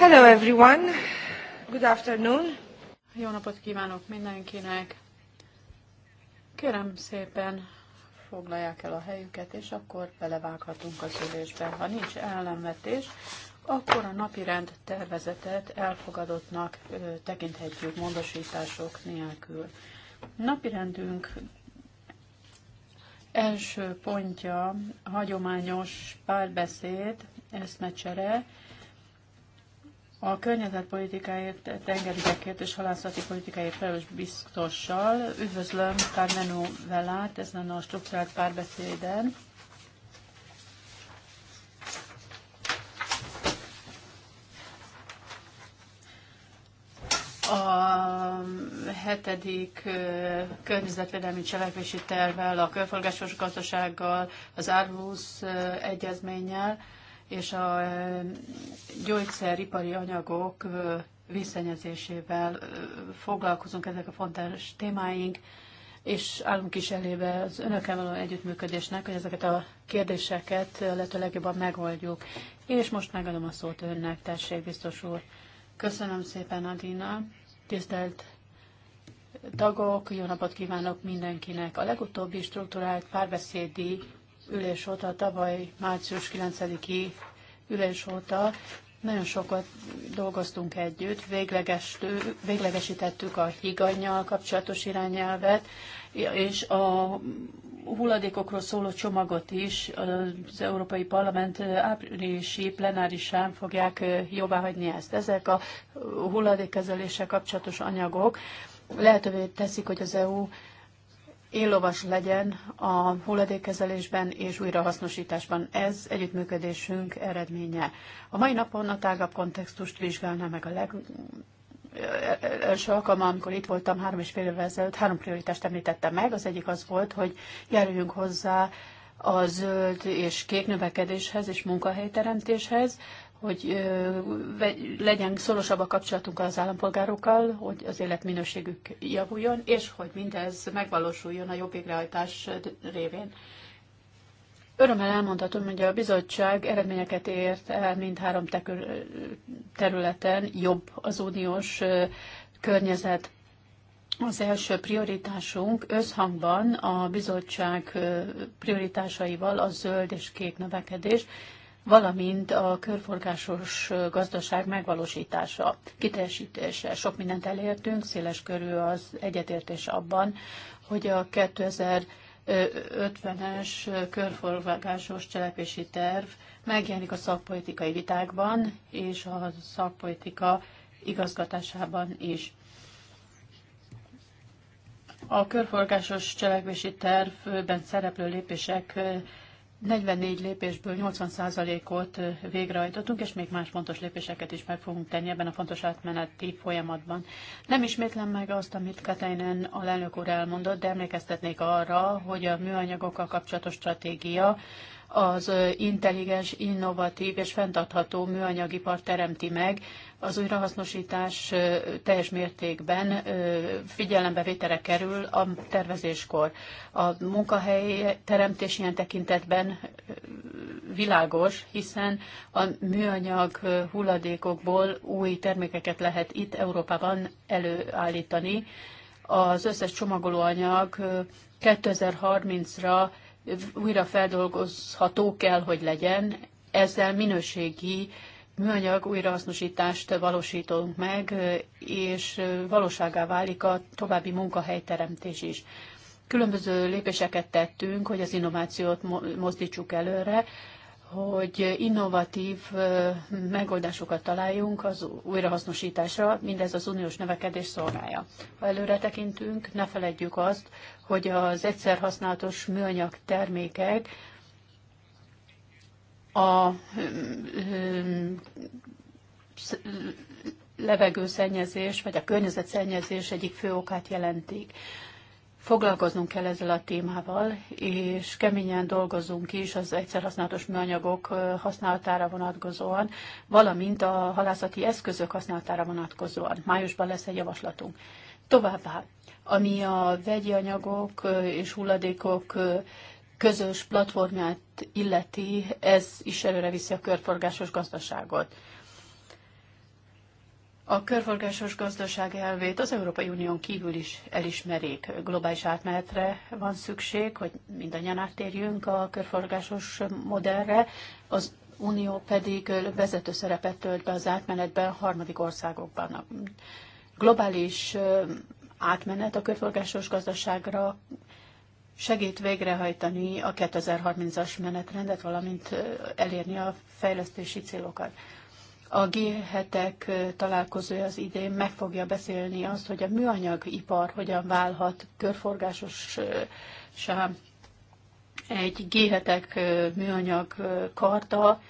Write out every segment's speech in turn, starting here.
Hello everyone. Good afternoon. Jó napot kívánok mindenkinek. Kérem szépen, foglalják el a helyüket, és akkor belevághatunk az ülésbe. Ha nincs ellenvetés, akkor a napi rend tervezetet elfogadottnak tekinthetjük módosítások nélkül. Napirendünk első pontja hagyományos párbeszéd, eszmecsere, a környezetpolitikáért, tengerügyekért és halászati politikáért felelős biztossal üdvözlöm Carmenu Velát ezen a struktúrált párbeszéden. a hetedik környezetvédelmi cselekvési tervvel, a körforgásos gazdasággal, az árvúz egyezménnyel és a gyógyszeripari anyagok visszanyezésével foglalkozunk, ezek a fontos témáink, és állunk is elébe az önökkel való együttműködésnek, hogy ezeket a kérdéseket lehető legjobban megoldjuk. És most megadom a szót önnek, tessék, biztos úr. Köszönöm szépen, Adina. Tisztelt tagok, jó napot kívánok mindenkinek. A legutóbbi struktúrált párbeszédi ülés óta, tavaly március 9-i ülés óta nagyon sokat dolgoztunk együtt, véglegesítettük a higanyjal kapcsolatos irányelvet, és a hulladékokról szóló csomagot is az Európai Parlament áprilisi plenárisán fogják hagyni ezt. Ezek a hulladékkezeléssel kapcsolatos anyagok lehetővé teszik, hogy az EU éllovas legyen a hulladékkezelésben és újrahasznosításban. Ez együttműködésünk eredménye. A mai napon a tágabb kontextust vizsgálná meg a leg első alkalma, amikor itt voltam három és fél évvel ezelőtt, három prioritást említettem meg. Az egyik az volt, hogy járuljunk hozzá a zöld és kék növekedéshez és munkahelyteremtéshez hogy legyen szorosabb a kapcsolatunk az állampolgárokkal, hogy az életminőségük javuljon, és hogy mindez megvalósuljon a jobb végrehajtás révén. Örömmel elmondhatom, hogy a bizottság eredményeket ért el mindhárom területen, jobb az uniós környezet. Az első prioritásunk összhangban a bizottság prioritásaival a zöld és kék növekedés, valamint a körforgásos gazdaság megvalósítása, kiteljesítése. Sok mindent elértünk, széles körül az egyetértés abban, hogy a 2000 50-es körforgásos cselepési terv megjelenik a szakpolitikai vitákban és a szakpolitika igazgatásában is. A körforgásos cselekvési tervben szereplő lépések 44 lépésből 80%-ot végrehajtottunk, és még más fontos lépéseket is meg fogunk tenni ebben a fontos átmeneti folyamatban. Nem ismétlem meg azt, amit Katainen lelnök úr elmondott, de emlékeztetnék arra, hogy a műanyagokkal kapcsolatos stratégia az intelligens, innovatív és fenntartható műanyagipar teremti meg az újrahasznosítás teljes mértékben figyelembevételre kerül a tervezéskor. A munkahely teremtés ilyen tekintetben világos, hiszen a műanyag hulladékokból új termékeket lehet itt Európában előállítani. Az összes csomagolóanyag 2030-ra újra feldolgozható kell, hogy legyen, ezzel minőségi műanyag újrahasznosítást valósítunk meg, és valóságá válik a további munkahelyteremtés is. Különböző lépéseket tettünk, hogy az innovációt mozdítsuk előre, hogy innovatív megoldásokat találjunk az újrahasznosításra, mindez az uniós növekedés szolgálja. Ha előre tekintünk, ne feledjük azt, hogy az egyszer használatos műanyag termékek a levegőszennyezés vagy a környezetszennyezés egyik fő okát jelentik. Foglalkoznunk kell ezzel a témával, és keményen dolgozunk is az egyszerhasználatos műanyagok használatára vonatkozóan, valamint a halászati eszközök használatára vonatkozóan. Májusban lesz egy javaslatunk. Továbbá, ami a vegyi anyagok és hulladékok közös platformját illeti, ez is előre viszi a körforgásos gazdaságot. A körforgásos gazdaság elvét az Európai Unión kívül is elismerik. Globális átmenetre van szükség, hogy mindannyian áttérjünk a körforgásos modellre, az Unió pedig vezető szerepet tölt be az átmenetben a harmadik országokban. A globális átmenet a körforgásos gazdaságra segít végrehajtani a 2030-as menetrendet, valamint elérni a fejlesztési célokat. A g 7 találkozója az idén meg fogja beszélni azt, hogy a műanyagipar hogyan válhat körforgásos Egy g 7 műanyag karta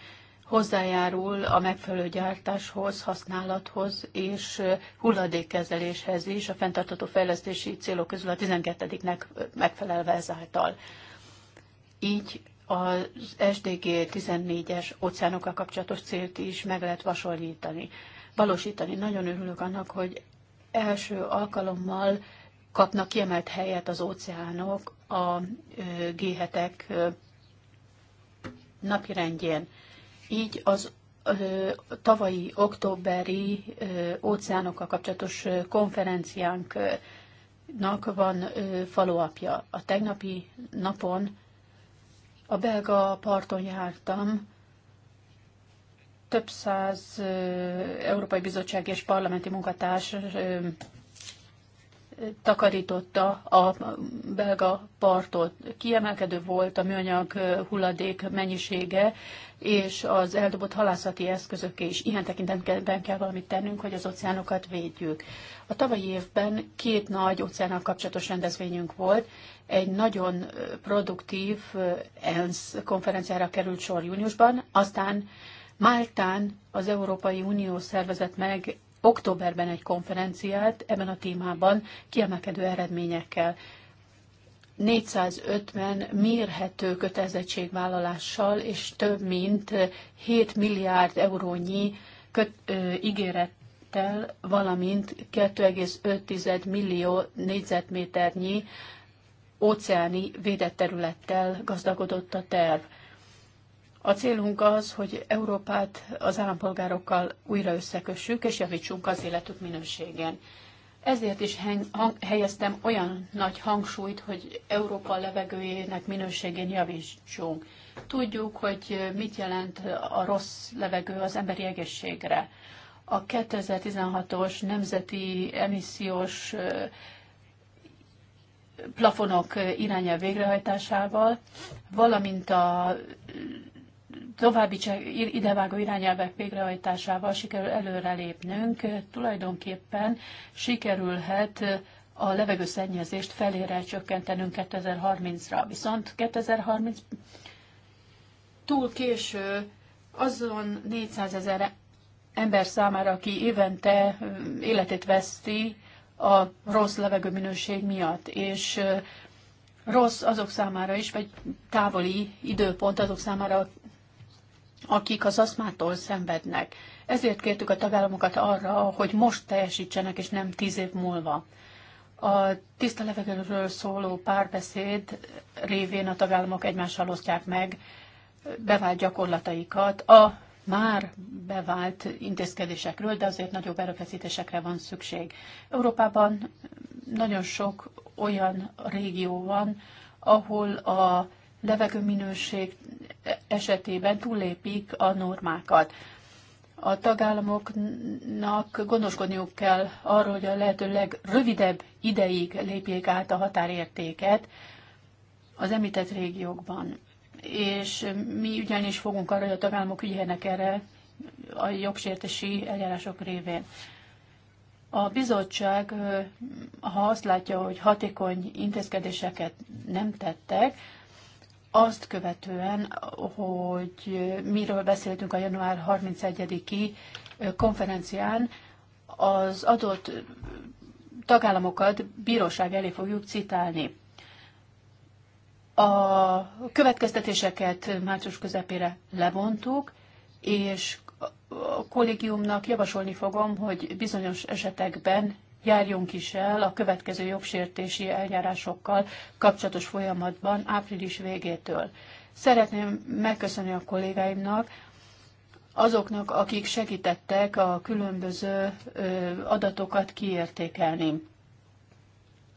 hozzájárul a megfelelő gyártáshoz, használathoz és hulladékkezeléshez is, a fenntartató fejlesztési célok közül a 12-nek megfelelve ezáltal. Így az SDG 14-es óceánokkal kapcsolatos célt is meg lehet vasolítani, valósítani. Nagyon örülök annak, hogy első alkalommal kapnak kiemelt helyet az óceánok a g napirendjén. Így az tavalyi októberi óceánokkal kapcsolatos konferenciánknak van faluapja. A tegnapi napon a belga parton jártam, több száz Európai Bizottság és parlamenti munkatárs takarította a belga partot. Kiemelkedő volt a műanyag hulladék mennyisége, és az eldobott halászati eszközök is. Ilyen tekintetben kell valamit tennünk, hogy az óceánokat védjük. A tavalyi évben két nagy óceánnal kapcsolatos rendezvényünk volt. Egy nagyon produktív ENSZ konferenciára került sor júniusban, aztán Máltán az Európai Unió szervezett meg októberben egy konferenciát ebben a témában kiemelkedő eredményekkel. 450 mérhető kötelezettségvállalással és több mint 7 milliárd eurónyi köt, ö, ígérettel, valamint 2,5 millió négyzetméternyi óceáni védett területtel gazdagodott a terv. A célunk az, hogy Európát az állampolgárokkal újra összekössük, és javítsunk az életük minőségén. Ezért is helyeztem olyan nagy hangsúlyt, hogy Európa levegőjének minőségén javítsunk. Tudjuk, hogy mit jelent a rossz levegő az emberi egészségre. A 2016-os nemzeti emissziós plafonok irányel végrehajtásával, valamint a további idevágó irányelvek végrehajtásával sikerül előrelépnünk, tulajdonképpen sikerülhet a levegőszennyezést felére csökkentenünk 2030-ra. Viszont 2030 túl késő azon 400 ezer ember számára, aki évente életét veszti a rossz levegőminőség miatt, és rossz azok számára is, vagy távoli időpont azok számára, akik az aszmától szenvednek. Ezért kértük a tagállamokat arra, hogy most teljesítsenek, és nem tíz év múlva. A tiszta levegőről szóló párbeszéd révén a tagállamok egymással osztják meg bevált gyakorlataikat a már bevált intézkedésekről, de azért nagyobb erőfeszítésekre van szükség. Európában nagyon sok olyan régió van, ahol a levegőminőség esetében túllépik a normákat. A tagállamoknak gondoskodniuk kell arról, hogy a lehető legrövidebb ideig lépjék át a határértéket az említett régiókban. És mi ugyanis fogunk arra, hogy a tagállamok ügyelnek erre a jogsértési eljárások révén. A bizottság, ha azt látja, hogy hatékony intézkedéseket nem tettek, azt követően, hogy miről beszéltünk a január 31-i konferencián, az adott tagállamokat bíróság elé fogjuk citálni. A következtetéseket március közepére levontuk, és a kollégiumnak javasolni fogom, hogy bizonyos esetekben járjunk is el a következő jogsértési eljárásokkal kapcsolatos folyamatban április végétől. Szeretném megköszönni a kollégáimnak, azoknak, akik segítettek a különböző adatokat kiértékelni.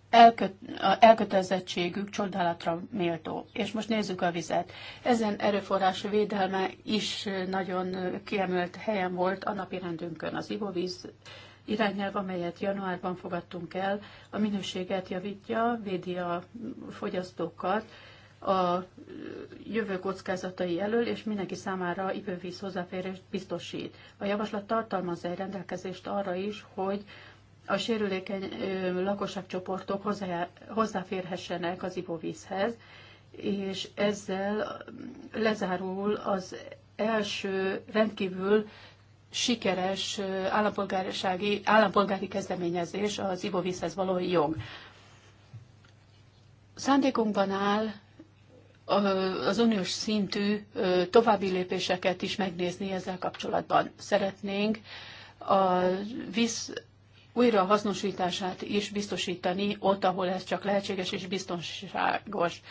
Elköt, elkötelezettségük csodálatra méltó. És most nézzük a vizet. Ezen erőforrás védelme is nagyon kiemelt helyen volt a napi rendünkön. Az ivóvíz irányelv, amelyet januárban fogadtunk el, a minőséget javítja, védi a fogyasztókat a jövő kockázatai elől, és mindenki számára ivővíz hozzáférést biztosít. A javaslat tartalmaz egy rendelkezést arra is, hogy a sérülékeny lakosságcsoportok hozzáférhessenek az ivóvízhez, és ezzel lezárul az első rendkívül sikeres állampolgársági, állampolgári kezdeményezés az ivóvízhez való jog. Szándékunkban áll az uniós szintű további lépéseket is megnézni ezzel kapcsolatban. Szeretnénk a víz újra hasznosítását is biztosítani ott, ahol ez csak lehetséges és biztonságos.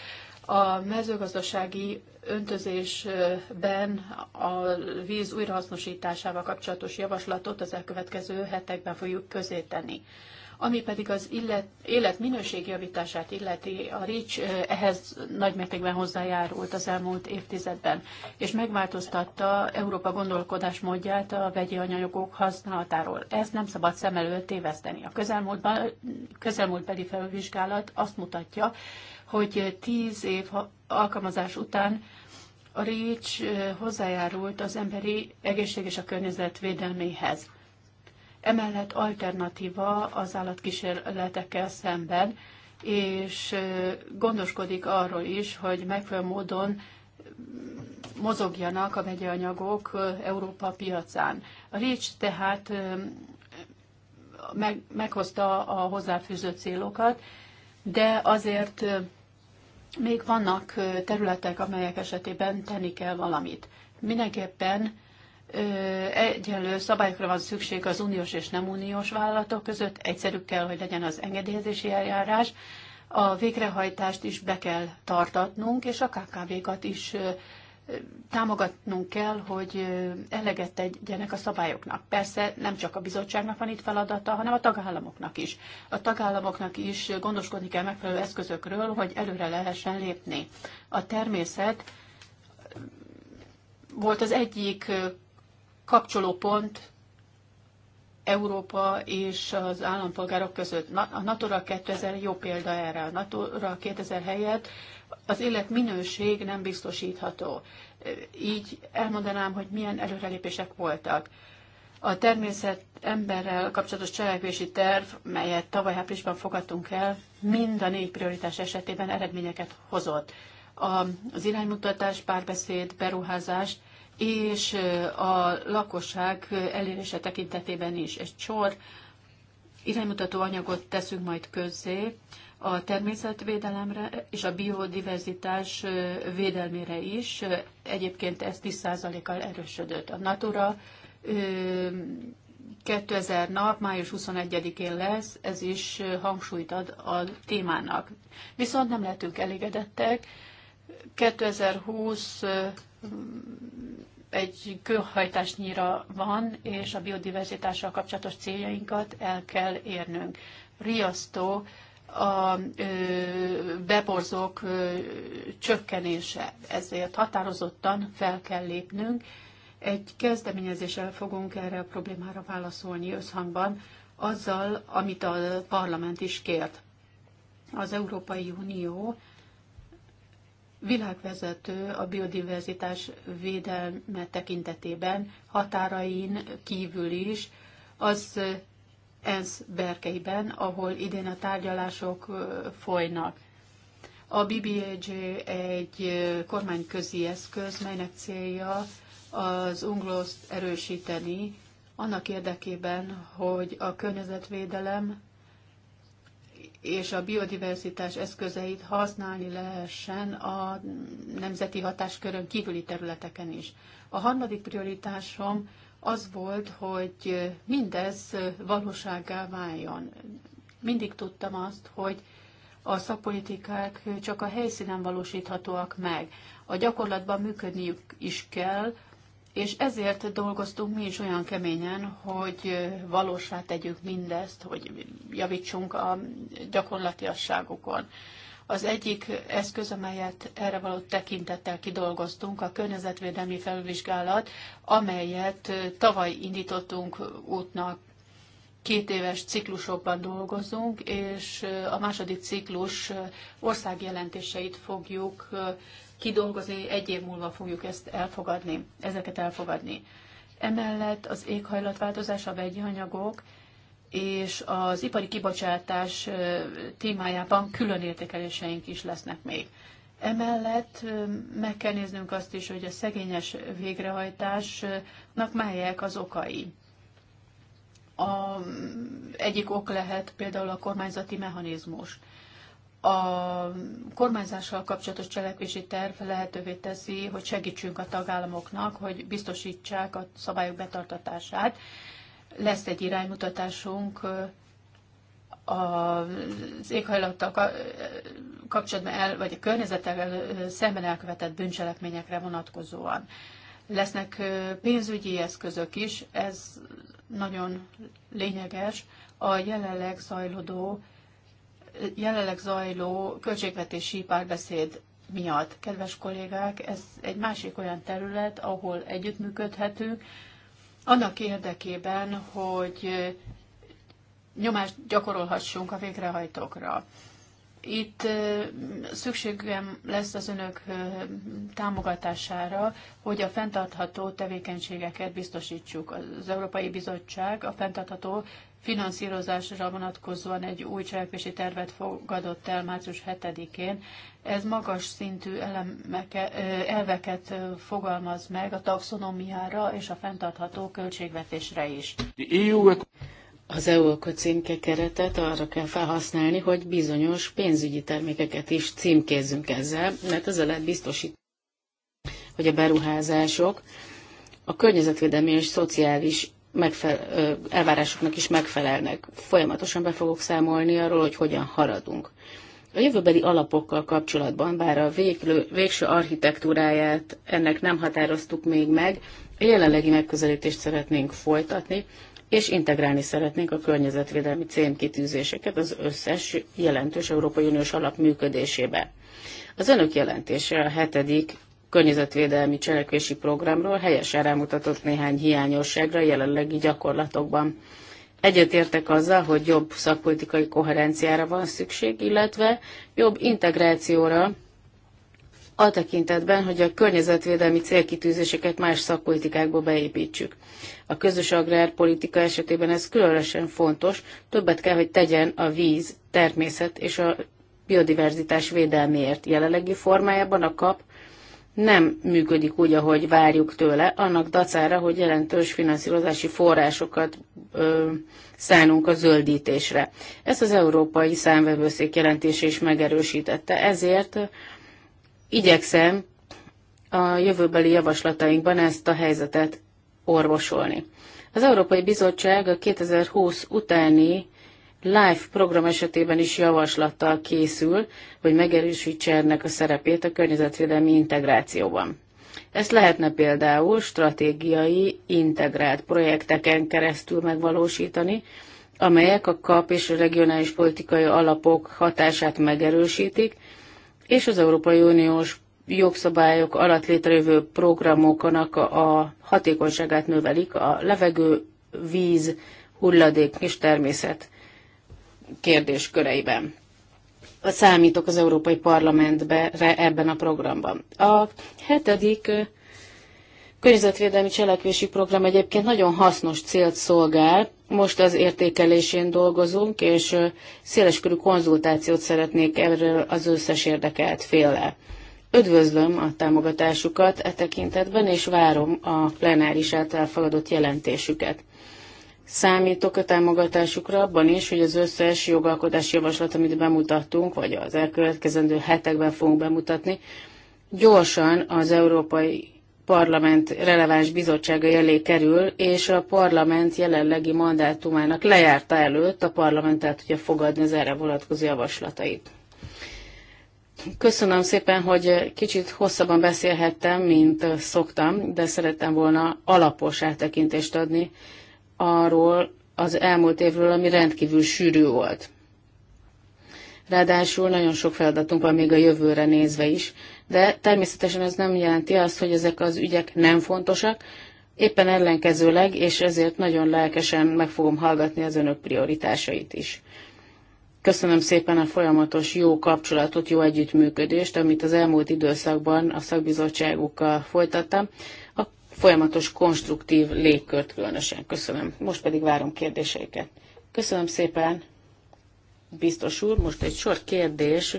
A mezőgazdasági öntözésben a víz újrahasznosításával kapcsolatos javaslatot az elkövetkező hetekben fogjuk közéteni. Ami pedig az illet, életminőség javítását illeti, a RICS ehhez nagymértékben hozzájárult az elmúlt évtizedben, és megváltoztatta Európa gondolkodásmódját a vegyi anyagok használatáról. Ezt nem szabad szem előtt téveszteni. A közelmúltban, közelmúltbeli felvizsgálat azt mutatja, hogy tíz év alkalmazás után a REACH hozzájárult az emberi egészség és a környezet védelméhez. Emellett alternatíva az állatkísérletekkel szemben, és gondoskodik arról is, hogy megfelelő módon mozogjanak a vegyi anyagok Európa piacán. A REACH tehát meghozta a hozzáfűzött célokat, de azért még vannak területek, amelyek esetében tenni kell valamit. Mindenképpen egyenlő szabályokra van szükség az uniós és nem uniós vállalatok között, egyszerű kell, hogy legyen az engedélyezési eljárás, a végrehajtást is be kell tartatnunk, és a KKV-kat is támogatnunk kell, hogy eleget tegyenek a szabályoknak. Persze nem csak a bizottságnak van itt feladata, hanem a tagállamoknak is. A tagállamoknak is gondoskodni kell megfelelő eszközökről, hogy előre lehessen lépni. A természet volt az egyik kapcsolópont Európa és az állampolgárok között. A Natura 2000 jó példa erre. A Natura 2000 helyett az életminőség nem biztosítható. Így elmondanám, hogy milyen előrelépések voltak. A természet emberrel kapcsolatos cselekvési terv, melyet tavaly áprilisban fogadtunk el, mind a négy prioritás esetében eredményeket hozott. Az iránymutatás, párbeszéd, beruházás és a lakosság elérése tekintetében is. Egy sor iránymutató anyagot teszünk majd közzé, a természetvédelemre és a biodiverzitás védelmére is. Egyébként ez 10%-kal erősödött. A Natura 2000 nap, május 21-én lesz, ez is hangsúlyt ad a témának. Viszont nem lehetünk elégedettek. 2020 egy kőhajtásnyira van, és a biodiverzitással kapcsolatos céljainkat el kell érnünk. Riasztó a beborzók csökkenése. Ezért határozottan fel kell lépnünk. Egy kezdeményezéssel fogunk erre a problémára válaszolni összhangban, azzal, amit a parlament is kért. Az Európai Unió világvezető a biodiverzitás védelme tekintetében, határain kívül is, az ENSZ berkeiben, ahol idén a tárgyalások folynak. A BBAG egy kormányközi eszköz, melynek célja az unclos erősíteni, annak érdekében, hogy a környezetvédelem és a biodiverzitás eszközeit használni lehessen a nemzeti hatáskörön kívüli területeken is. A harmadik prioritásom az volt, hogy mindez valóságá váljon. Mindig tudtam azt, hogy a szakpolitikák csak a helyszínen valósíthatóak meg. A gyakorlatban működniük is kell, és ezért dolgoztunk mi is olyan keményen, hogy valósá tegyük mindezt, hogy javítsunk a gyakorlatiasságokon. Az egyik eszköz, amelyet erre való tekintettel kidolgoztunk, a környezetvédelmi felvizsgálat, amelyet tavaly indítottunk útnak. Két éves ciklusokban dolgozunk, és a második ciklus országjelentéseit fogjuk kidolgozni, egy év múlva fogjuk ezt elfogadni, ezeket elfogadni. Emellett az éghajlatváltozás, a vegyi anyagok és az ipari kibocsátás témájában külön értékeléseink is lesznek még. Emellett meg kell néznünk azt is, hogy a szegényes végrehajtásnak melyek az okai. A, egyik ok lehet például a kormányzati mechanizmus. A kormányzással kapcsolatos cselekvési terv lehetővé teszi, hogy segítsünk a tagállamoknak, hogy biztosítsák a szabályok betartatását, lesz egy iránymutatásunk az éghajlattal kapcsolatban, el, vagy a környezettel szemben elkövetett bűncselekményekre vonatkozóan. Lesznek pénzügyi eszközök is, ez nagyon lényeges a jelenleg zajlódó jelenleg zajló költségvetési párbeszéd miatt. Kedves kollégák, ez egy másik olyan terület, ahol együttműködhetünk, annak érdekében, hogy nyomást gyakorolhassunk a végrehajtókra. Itt szükségem lesz az önök támogatására, hogy a fenntartható tevékenységeket biztosítsuk. Az Európai Bizottság a fenntartható finanszírozásra vonatkozóan egy új cselekvési tervet fogadott el március 7-én. Ez magas szintű elemeke, elveket fogalmaz meg a taxonomiára és a fenntartható költségvetésre is. E Az eu címke keretet arra kell felhasználni, hogy bizonyos pénzügyi termékeket is címkézzünk ezzel, mert ezzel lehet biztosítani, hogy a beruházások a környezetvédelmi és szociális megfele- elvárásoknak is megfelelnek. Folyamatosan be fogok számolni arról, hogy hogyan haradunk. A jövőbeli alapokkal kapcsolatban, bár a véglő, végső architektúráját ennek nem határoztuk még meg, a jelenlegi megközelítést szeretnénk folytatni, és integrálni szeretnénk a környezetvédelmi célkitűzéseket az összes jelentős Európai Uniós alap működésébe. Az önök jelentése a hetedik környezetvédelmi cselekvési programról helyesen rámutatott néhány hiányosságra jelenlegi gyakorlatokban. Egyetértek azzal, hogy jobb szakpolitikai koherenciára van szükség, illetve jobb integrációra a tekintetben, hogy a környezetvédelmi célkitűzéseket más szakpolitikákba beépítsük. A közös agrárpolitika esetében ez különösen fontos, többet kell, hogy tegyen a víz, természet és a biodiverzitás védelméért. Jelenlegi formájában a kap nem működik úgy, ahogy várjuk tőle, annak dacára, hogy jelentős finanszírozási forrásokat ö, szánunk a zöldítésre. Ezt az Európai Számvevőszék jelentése is megerősítette, ezért igyekszem a jövőbeli javaslatainkban ezt a helyzetet orvosolni. Az Európai Bizottság a 2020 utáni LIFE program esetében is javaslattal készül, hogy megerősítse ennek a szerepét a környezetvédelmi integrációban. Ezt lehetne például stratégiai, integrált projekteken keresztül megvalósítani, amelyek a KAP és a regionális politikai alapok hatását megerősítik, és az Európai Uniós jogszabályok alatt létrejövő programoknak a hatékonyságát növelik a levegő, víz, hulladék és természet kérdésköreiben. Számítok az Európai Parlamentbe ebben a programban. A hetedik környezetvédelmi cselekvési program egyébként nagyon hasznos célt szolgál. Most az értékelésén dolgozunk, és széleskörű konzultációt szeretnék erről az összes érdekelt féle. Üdvözlöm a támogatásukat e tekintetben, és várom a plenáris által elfogadott jelentésüket. Számítok a támogatásukra abban is, hogy az összes jogalkotási javaslat, amit bemutattunk, vagy az elkövetkezendő hetekben fogunk bemutatni, gyorsan az Európai Parlament releváns bizottsága elé kerül, és a parlament jelenlegi mandátumának lejárta előtt a parlament el tudja fogadni az erre vonatkozó javaslatait. Köszönöm szépen, hogy kicsit hosszabban beszélhettem, mint szoktam, de szerettem volna alapos áttekintést adni arról az elmúlt évről, ami rendkívül sűrű volt. Ráadásul nagyon sok feladatunk van még a jövőre nézve is, de természetesen ez nem jelenti azt, hogy ezek az ügyek nem fontosak, éppen ellenkezőleg, és ezért nagyon lelkesen meg fogom hallgatni az önök prioritásait is. Köszönöm szépen a folyamatos jó kapcsolatot, jó együttműködést, amit az elmúlt időszakban a szakbizottságukkal folytattam, folyamatos konstruktív légkört különösen. Köszönöm. Most pedig várom kérdéseiket. Köszönöm szépen, biztos úr. Most egy sor kérdés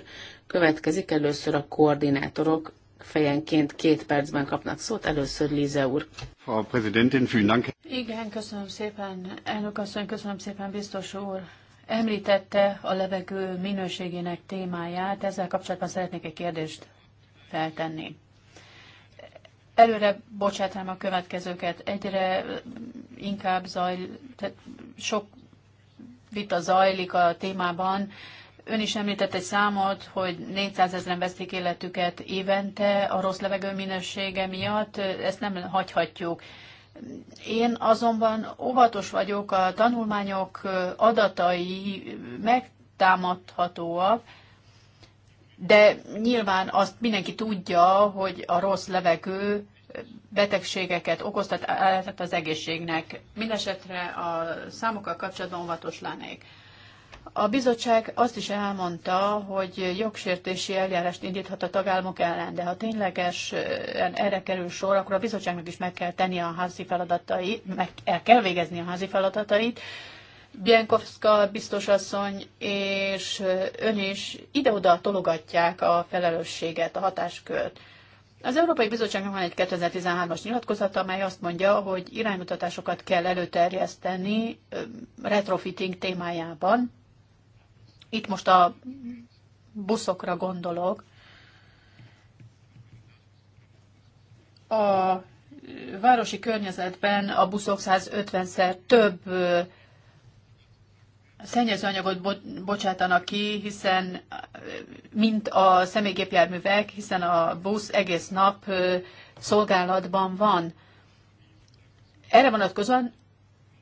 következik. Először a koordinátorok fejenként két percben kapnak szót. Először Líze úr. A Präsidentin, vielen Dank. Igen, köszönöm szépen. Elnök asszony, köszönöm szépen, biztos úr. Említette a levegő minőségének témáját. Ezzel kapcsolatban szeretnék egy kérdést feltenni előre bocsátanám a következőket. Egyre inkább zaj, tehát sok vita zajlik a témában. Ön is említett egy számot, hogy 400 ezeren veszik életüket évente a rossz levegő minősége miatt, ezt nem hagyhatjuk. Én azonban óvatos vagyok, a tanulmányok adatai megtámadhatóak, de nyilván azt mindenki tudja, hogy a rossz levegő betegségeket okoztat tehát az egészségnek. Mindenesetre a számokkal kapcsolatban óvatos lennék. A bizottság azt is elmondta, hogy jogsértési eljárást indíthat a tagállamok ellen, de ha ténylegesen erre kerül sor, akkor a bizottságnak is meg kell tenni a házi feladatait, meg el kell végezni a házi feladatait, Bienkowska biztosasszony és ön is ide-oda tologatják a felelősséget, a hatáskört. Az Európai Bizottságnak van egy 2013-as nyilatkozata, amely azt mondja, hogy iránymutatásokat kell előterjeszteni retrofitting témájában. Itt most a buszokra gondolok. A városi környezetben a buszok 150-szer több szennyezőanyagot bo- bocsátanak ki, hiszen mint a személygépjárművek, hiszen a busz egész nap szolgálatban van. Erre vonatkozóan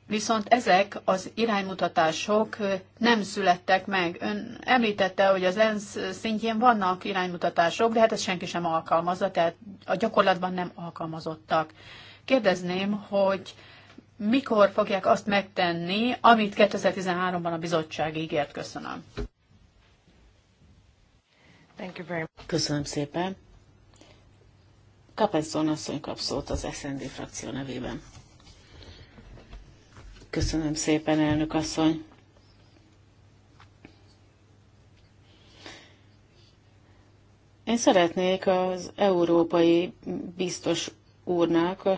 viszont ezek az iránymutatások nem születtek meg. Ön említette, hogy az ENSZ szintjén vannak iránymutatások, de hát ezt senki sem alkalmazza, tehát a gyakorlatban nem alkalmazottak. Kérdezném, hogy mikor fogják azt megtenni, amit 2013-ban a bizottság ígért. Köszönöm. Köszönöm szépen. Kapezzon asszony kap szót az SND frakció nevében. Köszönöm szépen, elnök asszony. Én szeretnék az európai biztos úrnak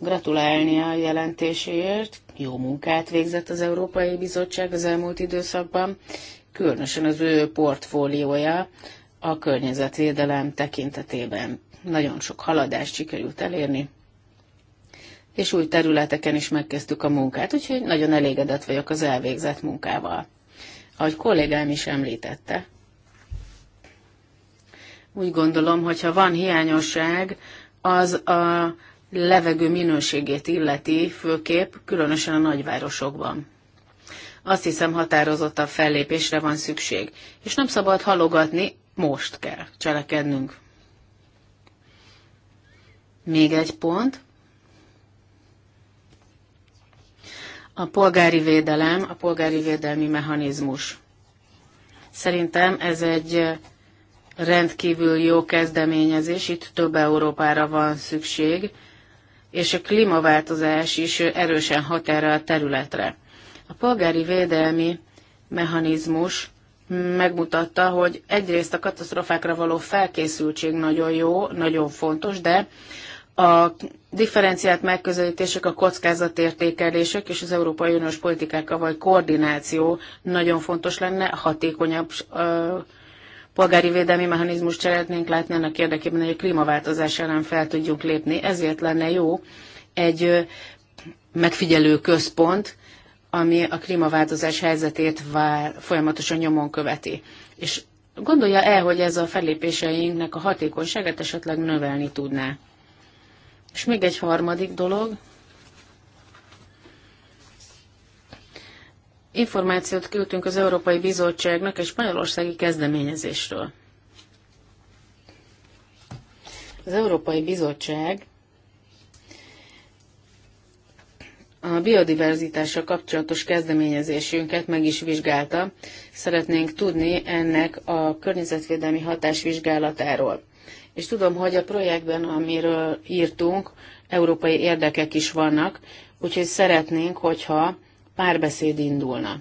gratulálni a jelentéséért. Jó munkát végzett az Európai Bizottság az elmúlt időszakban, különösen az ő portfóliója a környezetvédelem tekintetében. Nagyon sok haladást sikerült elérni, és új területeken is megkezdtük a munkát, úgyhogy nagyon elégedett vagyok az elvégzett munkával. Ahogy kollégám is említette, úgy gondolom, hogyha van hiányosság, az a levegő minőségét illeti főkép, különösen a nagyvárosokban. Azt hiszem határozott a fellépésre van szükség, és nem szabad halogatni, most kell cselekednünk. Még egy pont. A polgári védelem, a polgári védelmi mechanizmus. Szerintem ez egy rendkívül jó kezdeményezés, itt több Európára van szükség, és a klímaváltozás is erősen hat erre a területre. A polgári védelmi mechanizmus megmutatta, hogy egyrészt a katasztrofákra való felkészültség nagyon jó, nagyon fontos, de a differenciált megközelítések, a kockázatértékelések és az Európai Uniós politikákkal vagy koordináció nagyon fontos lenne, hatékonyabb polgári védelmi mechanizmust szeretnénk látni annak érdekében, hogy a klímaváltozás ellen fel tudjuk lépni. Ezért lenne jó egy megfigyelő központ, ami a klímaváltozás helyzetét vár, folyamatosan nyomon követi. És gondolja el, hogy ez a fellépéseinknek a hatékonyságát esetleg növelni tudná. És még egy harmadik dolog, Információt küldtünk az Európai Bizottságnak egy spanyolországi kezdeményezésről. Az Európai Bizottság a biodiverzitással kapcsolatos kezdeményezésünket meg is vizsgálta. Szeretnénk tudni ennek a környezetvédelmi hatásvizsgálatáról. És tudom, hogy a projektben, amiről írtunk, európai érdekek is vannak, úgyhogy szeretnénk, hogyha párbeszéd indulna.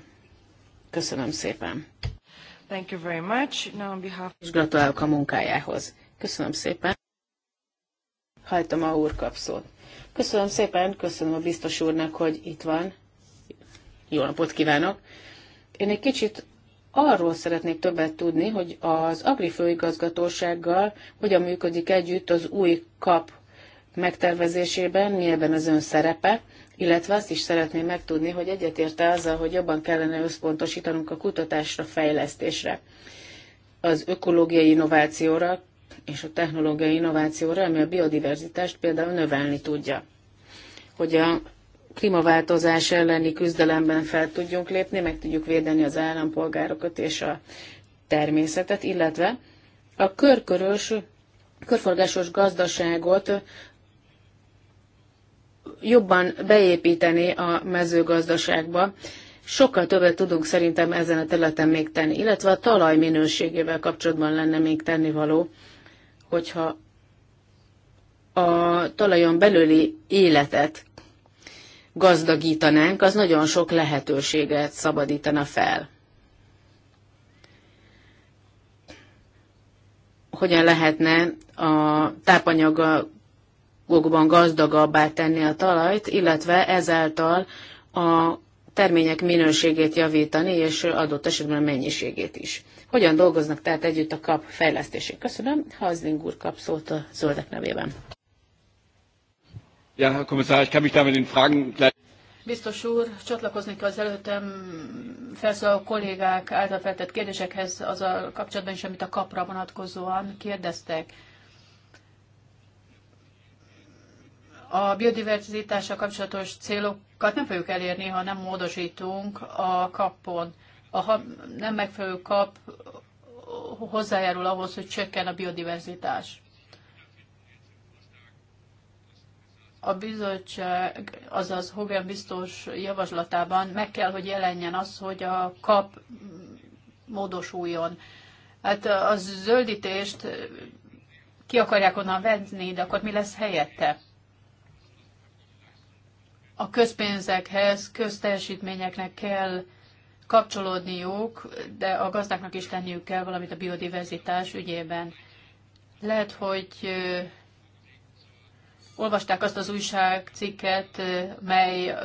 Köszönöm szépen. Thank you very much. Now on behalf... És gratulálok a munkájához. Köszönöm szépen. Hajtom a úr kapszót. Köszönöm szépen, köszönöm a biztos úrnak, hogy itt van. Jó napot kívánok! Én egy kicsit arról szeretnék többet tudni, hogy az Agri főigazgatósággal hogyan működik együtt az új kap megtervezésében, mi ebben az ön szerepe, illetve azt is szeretném megtudni, hogy egyetérte azzal, hogy jobban kellene összpontosítanunk a kutatásra, fejlesztésre, az ökológiai innovációra és a technológiai innovációra, ami a biodiverzitást például növelni tudja. Hogy a klímaváltozás elleni küzdelemben fel tudjunk lépni, meg tudjuk védeni az állampolgárokat és a természetet, illetve a körkörös, körforgásos gazdaságot jobban beépíteni a mezőgazdaságba. Sokkal többet tudunk szerintem ezen a területen még tenni, illetve a talaj minőségével kapcsolatban lenne még tennivaló, hogyha a talajon belüli életet gazdagítanánk, az nagyon sok lehetőséget szabadítana fel. Hogyan lehetne a tápanyaggal okokban gazdagabbá tenni a talajt, illetve ezáltal a termények minőségét javítani, és adott esetben a mennyiségét is. Hogyan dolgoznak tehát együtt a kap fejlesztésén? Köszönöm. Hazling úr kap szót a zöldek nevében. Ja, Herr Kommissar, ich kann mich da mit Fragen Biztos úr, csatlakozni kell az előttem felszólaló kollégák által feltett kérdésekhez, az a kapcsolatban is, amit a kapra vonatkozóan kérdeztek. a biodiverzitással kapcsolatos célokat nem fogjuk elérni, ha nem módosítunk a kapon. A nem megfelelő kap hozzájárul ahhoz, hogy csökken a biodiverzitás. A bizottság, azaz Hogan biztos javaslatában meg kell, hogy jelenjen az, hogy a kap módosuljon. Hát a zöldítést ki akarják onnan venni, de akkor mi lesz helyette? a közpénzekhez, közteljesítményeknek kell kapcsolódniuk, de a gazdáknak is tenniük kell valamit a biodiverzitás ügyében. Lehet, hogy olvasták azt az újságcikket, mely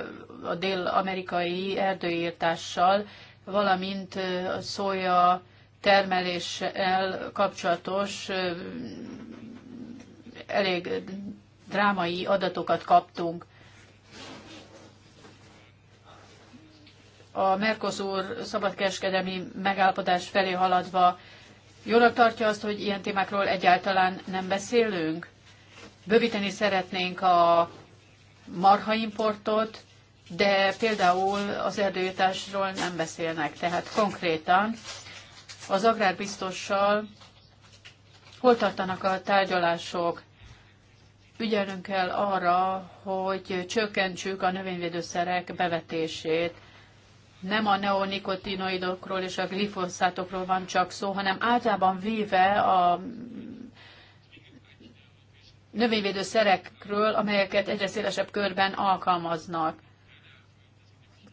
a dél-amerikai erdőírtással, valamint a szója termeléssel kapcsolatos elég drámai adatokat kaptunk. a Mercosur szabadkereskedelmi megállapodás felé haladva jónak tartja azt, hogy ilyen témákról egyáltalán nem beszélünk? Bővíteni szeretnénk a marhaimportot, de például az erdőjutásról nem beszélnek. Tehát konkrétan az agrárbiztossal hol tartanak a tárgyalások? Ügyelnünk kell arra, hogy csökkentsük a növényvédőszerek bevetését, nem a neonikotinoidokról és a glifoszátokról van csak szó, hanem általában véve a növényvédő szerekről, amelyeket egyre szélesebb körben alkalmaznak.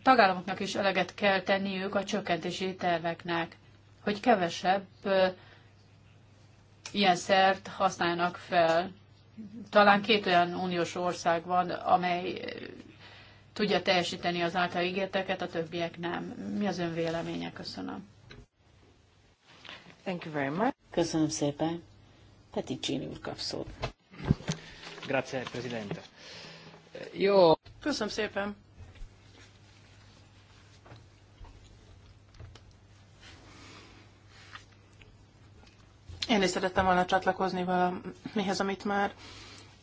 Tagállamoknak is eleget kell tenniük a csökkentési terveknek, hogy kevesebb ilyen szert használnak fel. Talán két olyan uniós ország van, amely tudja teljesíteni az által ígérteket, a többiek nem. Mi az ön véleménye? Köszönöm. Thank you very much. Köszönöm szépen. Peticini úr kap szót. Grazie, Presidente. Jó. Eh, Köszönöm szépen. Én is szerettem volna csatlakozni valamihez, amit már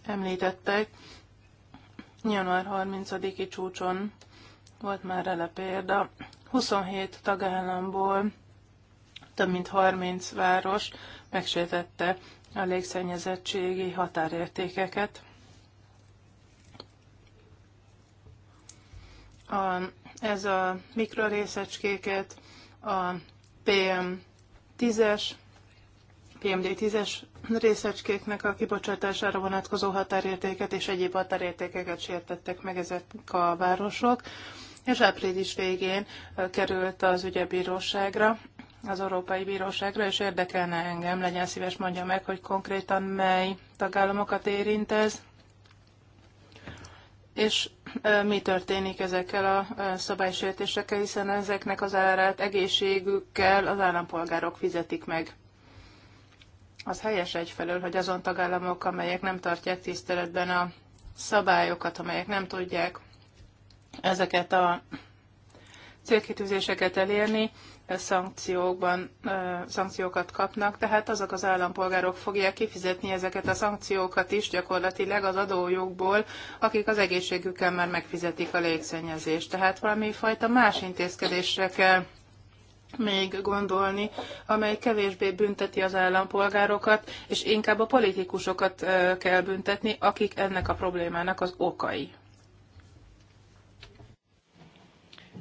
említettek január 30-i csúcson volt már ele példa. 27 tagállamból több mint 30 város megsértette a légszennyezettségi határértékeket. A, ez a mikrorészecskéket, a PM10-es, PMD10-es részecskéknek a kibocsátására vonatkozó határértéket és egyéb határértékeket sértettek meg ezek a városok, és április végén került az ügyebíróságra, az Európai Bíróságra, és érdekelne engem, legyen szíves mondja meg, hogy konkrétan mely tagállamokat érint ez, és mi történik ezekkel a szabálysértésekkel, hiszen ezeknek az árát egészségükkel az állampolgárok fizetik meg. Az helyes egyfelől, hogy azon tagállamok, amelyek nem tartják tiszteletben a szabályokat, amelyek nem tudják ezeket a célkitűzéseket elérni, e, szankciókban, e, szankciókat kapnak, tehát azok az állampolgárok fogják kifizetni ezeket a szankciókat is gyakorlatilag az adójogból, akik az egészségükkel már megfizetik a légszennyezést. Tehát valami fajta más intézkedésre kell még gondolni, amely kevésbé bünteti az állampolgárokat, és inkább a politikusokat kell büntetni, akik ennek a problémának az okai.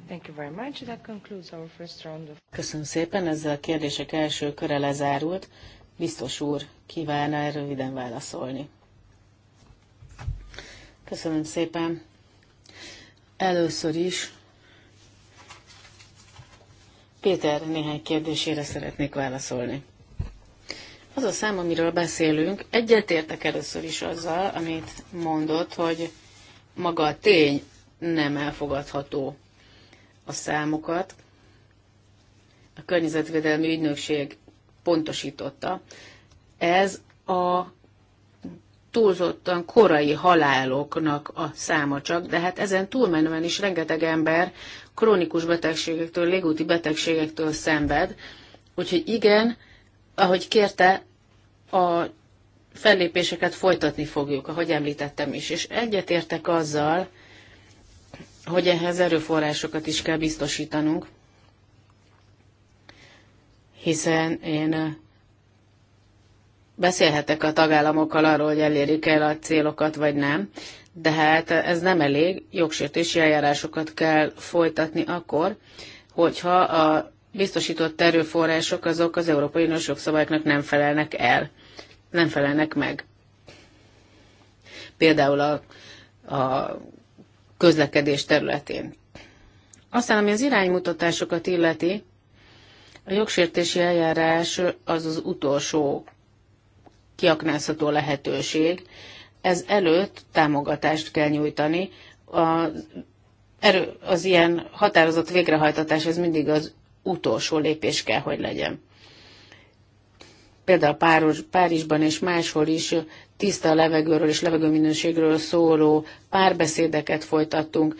Thank you very much. That concludes our first round of... Köszönöm szépen, ezzel a kérdések első köre lezárult. Biztos úr kívánna -e röviden válaszolni. Köszönöm szépen. Először is Péter néhány kérdésére szeretnék válaszolni. Az a szám, amiről beszélünk, egyetértek először is azzal, amit mondott, hogy maga a tény nem elfogadható a számokat. A Környezetvédelmi Ügynökség pontosította. Ez a túlzottan korai haláloknak a száma csak, de hát ezen túlmenően is rengeteg ember krónikus betegségektől, légúti betegségektől szenved. Úgyhogy igen, ahogy kérte, a fellépéseket folytatni fogjuk, ahogy említettem is. És egyetértek azzal, hogy ehhez erőforrásokat is kell biztosítanunk, hiszen én beszélhetek a tagállamokkal arról, hogy elérik el a célokat, vagy nem, de hát ez nem elég, jogsértési eljárásokat kell folytatni akkor, hogyha a biztosított erőforrások azok az Európai Uniós jogszabályoknak nem felelnek el, nem felelnek meg. Például a, a közlekedés területén. Aztán, ami az iránymutatásokat illeti, a jogsértési eljárás az az utolsó kiaknázható lehetőség, ez előtt támogatást kell nyújtani. A, erő, az ilyen határozott végrehajtatás ez mindig az utolsó lépés kell, hogy legyen. Például Páros, Párizsban és máshol is tiszta levegőről és levegőminőségről szóló párbeszédeket folytattunk.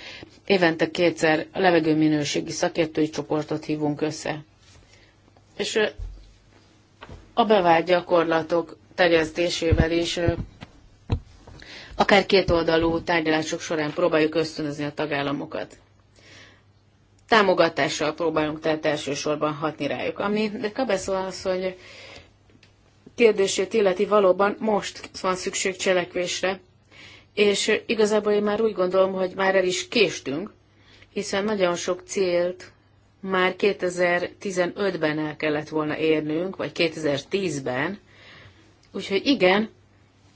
Évente kétszer a levegőminőségi szakértői csoportot hívunk össze. És a bevált gyakorlatok terjesztésével is akár kétoldalú tárgyalások során próbáljuk ösztönözni a tagállamokat. Támogatással próbálunk tehát elsősorban hatni rájuk. Ami de Kabeszó az, hogy kérdését illeti valóban most van szükség cselekvésre, és igazából én már úgy gondolom, hogy már el is késtünk, hiszen nagyon sok célt már 2015-ben el kellett volna érnünk, vagy 2010-ben. Úgyhogy igen,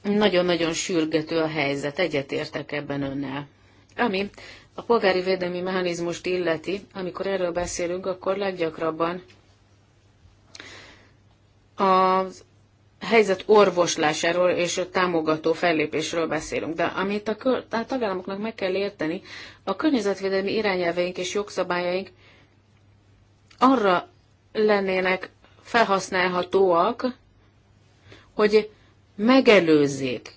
nagyon-nagyon sürgető a helyzet, egyetértek ebben önnel. Ami a polgári védelmi mechanizmust illeti, amikor erről beszélünk, akkor leggyakrabban a helyzet orvoslásáról és a támogató fellépésről beszélünk. De amit a, a tagállamoknak meg kell érteni, a környezetvédelmi irányelveink és jogszabályaink arra lennének felhasználhatóak, hogy megelőzzék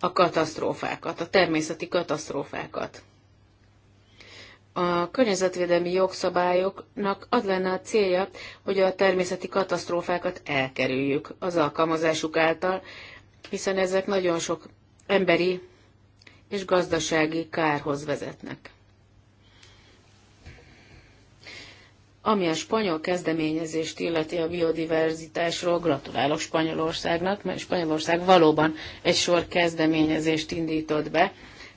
a katasztrófákat, a természeti katasztrófákat. A környezetvédelmi jogszabályoknak az lenne a célja, hogy a természeti katasztrófákat elkerüljük az alkalmazásuk által, hiszen ezek nagyon sok emberi és gazdasági kárhoz vezetnek. Ami a spanyol kezdeményezést illeti a biodiverzitásról, gratulálok Spanyolországnak, mert Spanyolország valóban egy sor kezdeményezést indított be.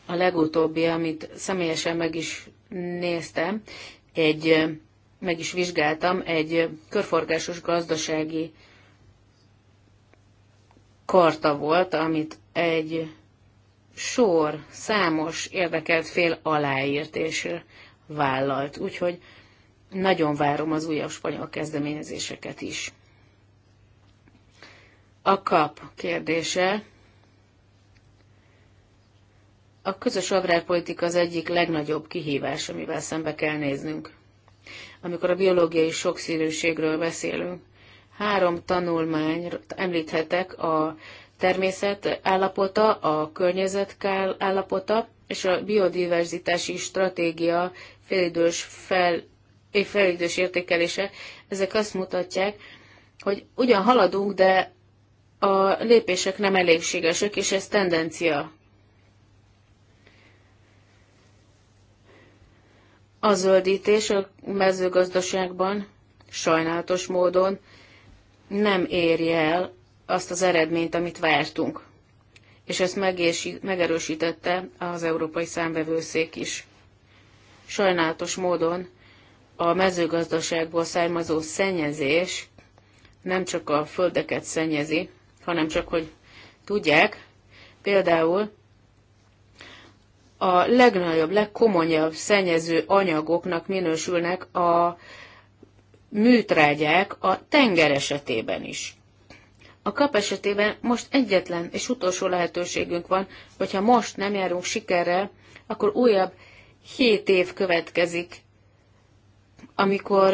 A legutóbbi, amit személyesen meg is néztem, egy, meg is vizsgáltam, egy körforgásos gazdasági karta volt, amit egy sor, számos érdekelt fél aláírt és vállalt. Úgyhogy nagyon várom az újabb spanyol kezdeményezéseket is. A kap kérdése. A közös agrárpolitika az egyik legnagyobb kihívás, amivel szembe kell néznünk. Amikor a biológiai sokszínűségről beszélünk, három tanulmány említhetek a természet állapota, a környezet állapota és a biodiverzitási stratégia félidős fel felidős értékelése, ezek azt mutatják, hogy ugyan haladunk, de a lépések nem elégségesek, és ez tendencia. A zöldítés a mezőgazdaságban sajnálatos módon nem érje el azt az eredményt, amit vártunk. És ezt megerősítette az Európai Számbevőszék is. Sajnálatos módon a mezőgazdaságból származó szennyezés nem csak a földeket szennyezi, hanem csak, hogy tudják, például a legnagyobb, legkomolyabb szennyező anyagoknak minősülnek a műtrágyák a tenger esetében is. A kap esetében most egyetlen és utolsó lehetőségünk van, hogyha most nem járunk sikerrel, akkor újabb 7 év következik amikor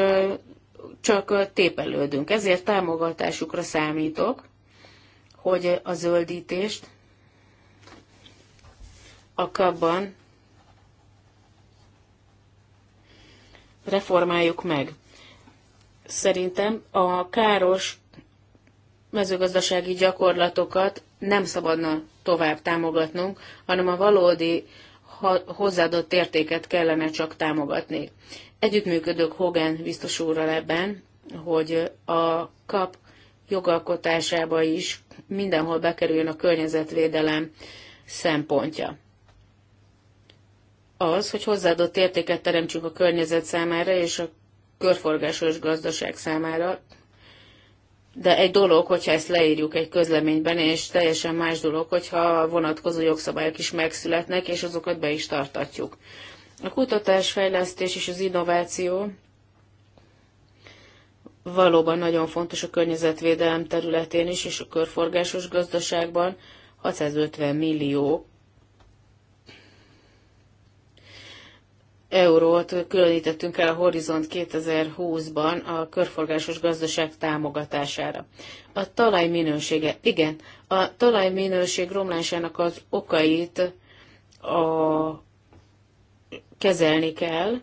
csak tépelődünk. Ezért támogatásukra számítok, hogy a zöldítést a kabban reformáljuk meg. Szerintem a káros mezőgazdasági gyakorlatokat nem szabadna tovább támogatnunk, hanem a valódi hozzáadott értéket kellene csak támogatni. Együttműködök Hogan biztos úrral ebben, hogy a kap jogalkotásába is mindenhol bekerüljön a környezetvédelem szempontja. Az, hogy hozzáadott értéket teremtsünk a környezet számára és a körforgásos gazdaság számára, de egy dolog, hogyha ezt leírjuk egy közleményben, és teljesen más dolog, hogyha a vonatkozó jogszabályok is megszületnek, és azokat be is tartatjuk. A kutatás, fejlesztés és az innováció valóban nagyon fontos a környezetvédelem területén is, és a körforgásos gazdaságban 650 millió eurót különítettünk el a Horizont 2020-ban a körforgásos gazdaság támogatására. A talaj minősége, igen, a talaj minőség romlásának az okait a kezelni kell,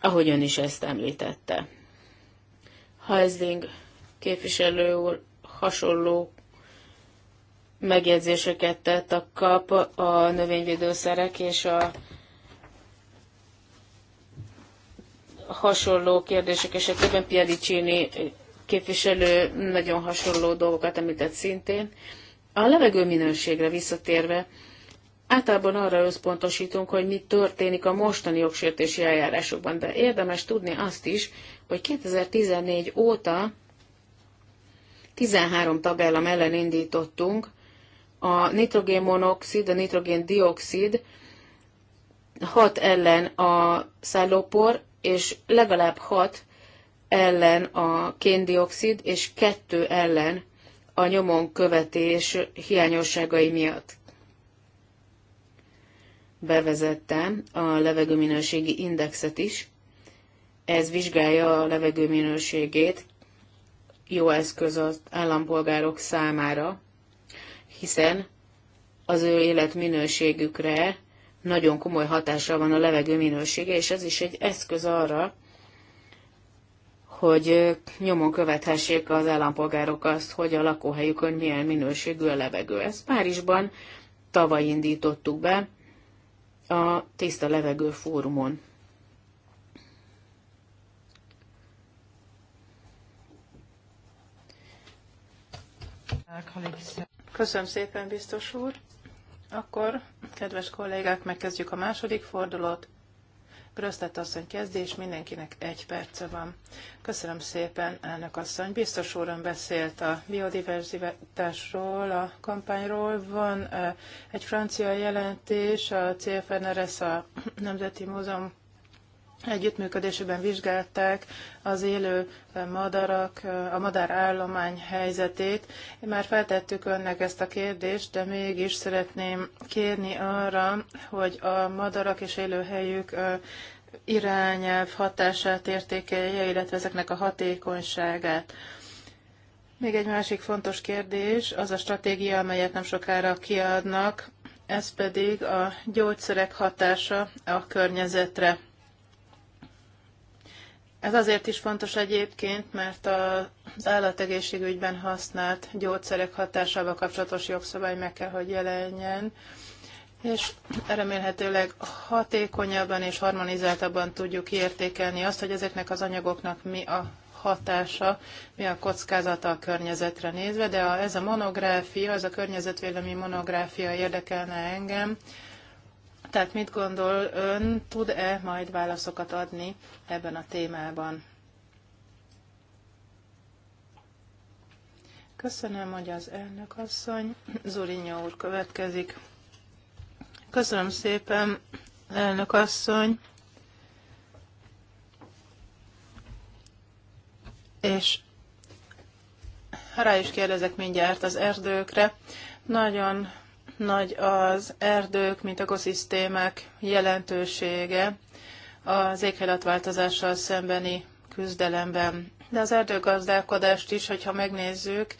ahogy ön is ezt említette. Heisling képviselő úr hasonló megjegyzéseket tett a kap a növényvédőszerek és a hasonló kérdések esetében Piedicini képviselő nagyon hasonló dolgokat említett szintén. A levegő minőségre visszatérve, Általában arra összpontosítunk, hogy mi történik a mostani jogsértési eljárásokban, de érdemes tudni azt is, hogy 2014 óta 13 tagállam ellen indítottunk a nitrogénmonoxid, a nitrogéndioxid, 6 ellen a szállópor, és legalább 6 ellen a kéndioxid, és 2 ellen a nyomon követés hiányosságai miatt bevezette a levegőminőségi indexet is. Ez vizsgálja a levegőminőségét, jó eszköz az állampolgárok számára, hiszen az ő életminőségükre nagyon komoly hatása van a levegő minősége, és ez is egy eszköz arra, hogy nyomon követhessék az állampolgárok azt, hogy a lakóhelyükön milyen minőségű a levegő. Ezt Párizsban tavaly indítottuk be, a Tiszta Levegő Fórumon. Köszönöm szépen, biztos úr. Akkor, kedves kollégák, megkezdjük a második fordulót. Rösztett asszony kezdi, és mindenkinek egy perce van. Köszönöm szépen, elnök asszony. Biztos úrön beszélt a biodiverzitásról, a kampányról. Van egy francia jelentés, a CFNRS, a Nemzeti Múzeum együttműködésében vizsgálták az élő madarak, a madárállomány helyzetét. Már feltettük önnek ezt a kérdést, de mégis szeretném kérni arra, hogy a madarak és élőhelyük irányelv hatását értékelje, illetve ezeknek a hatékonyságát. Még egy másik fontos kérdés, az a stratégia, amelyet nem sokára kiadnak, ez pedig a gyógyszerek hatása a környezetre. Ez azért is fontos egyébként, mert az állategészségügyben használt gyógyszerek hatásával kapcsolatos jogszabály meg kell, hogy jelenjen, és remélhetőleg hatékonyabban és harmonizáltabban tudjuk értékelni azt, hogy ezeknek az anyagoknak mi a hatása, mi a kockázata a környezetre nézve, de ez a monográfia, ez a környezetvédelmi monográfia érdekelne engem, tehát mit gondol ön, tud-e majd válaszokat adni ebben a témában? Köszönöm, hogy az elnök asszony. Zurinyó úr következik. Köszönöm szépen, elnök asszony. És rá is kérdezek mindjárt az erdőkre. Nagyon nagy az erdők, mint ökoszisztémák jelentősége az éghajlatváltozással szembeni küzdelemben. De az erdőgazdálkodást is, hogyha megnézzük,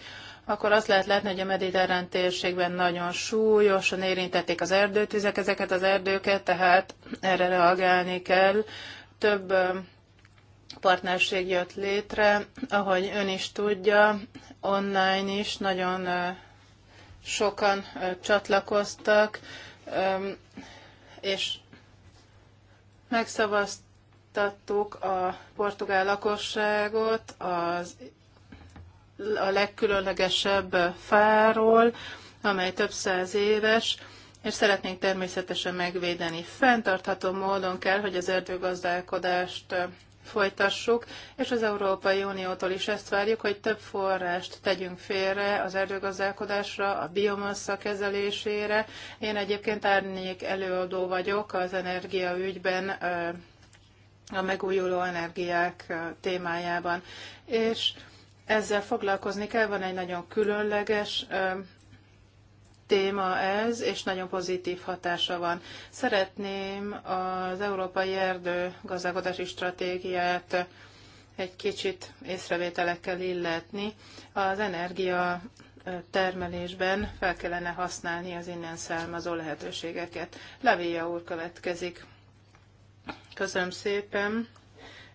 akkor azt lehet látni, hogy a mediterrán térségben nagyon súlyosan érintették az erdőtüzek ezeket az erdőket, tehát erre reagálni kell. Több partnerség jött létre, ahogy ön is tudja, online is nagyon sokan csatlakoztak, és megszavaztattuk a portugál lakosságot az, a legkülönlegesebb fáról, amely több száz éves, és szeretnénk természetesen megvédeni. fentartható módon kell, hogy az erdőgazdálkodást folytassuk, és az Európai Uniótól is ezt várjuk, hogy több forrást tegyünk félre az erdőgazdálkodásra, a biomassa kezelésére. Én egyébként árnyék előadó vagyok az energiaügyben, a megújuló energiák témájában. És ezzel foglalkozni kell, van egy nagyon különleges téma ez, és nagyon pozitív hatása van. Szeretném az Európai Erdő Gazdagodási stratégiát egy kicsit észrevételekkel illetni. Az energia termelésben fel kellene használni az innen származó lehetőségeket. Levéja úr következik. Köszönöm szépen,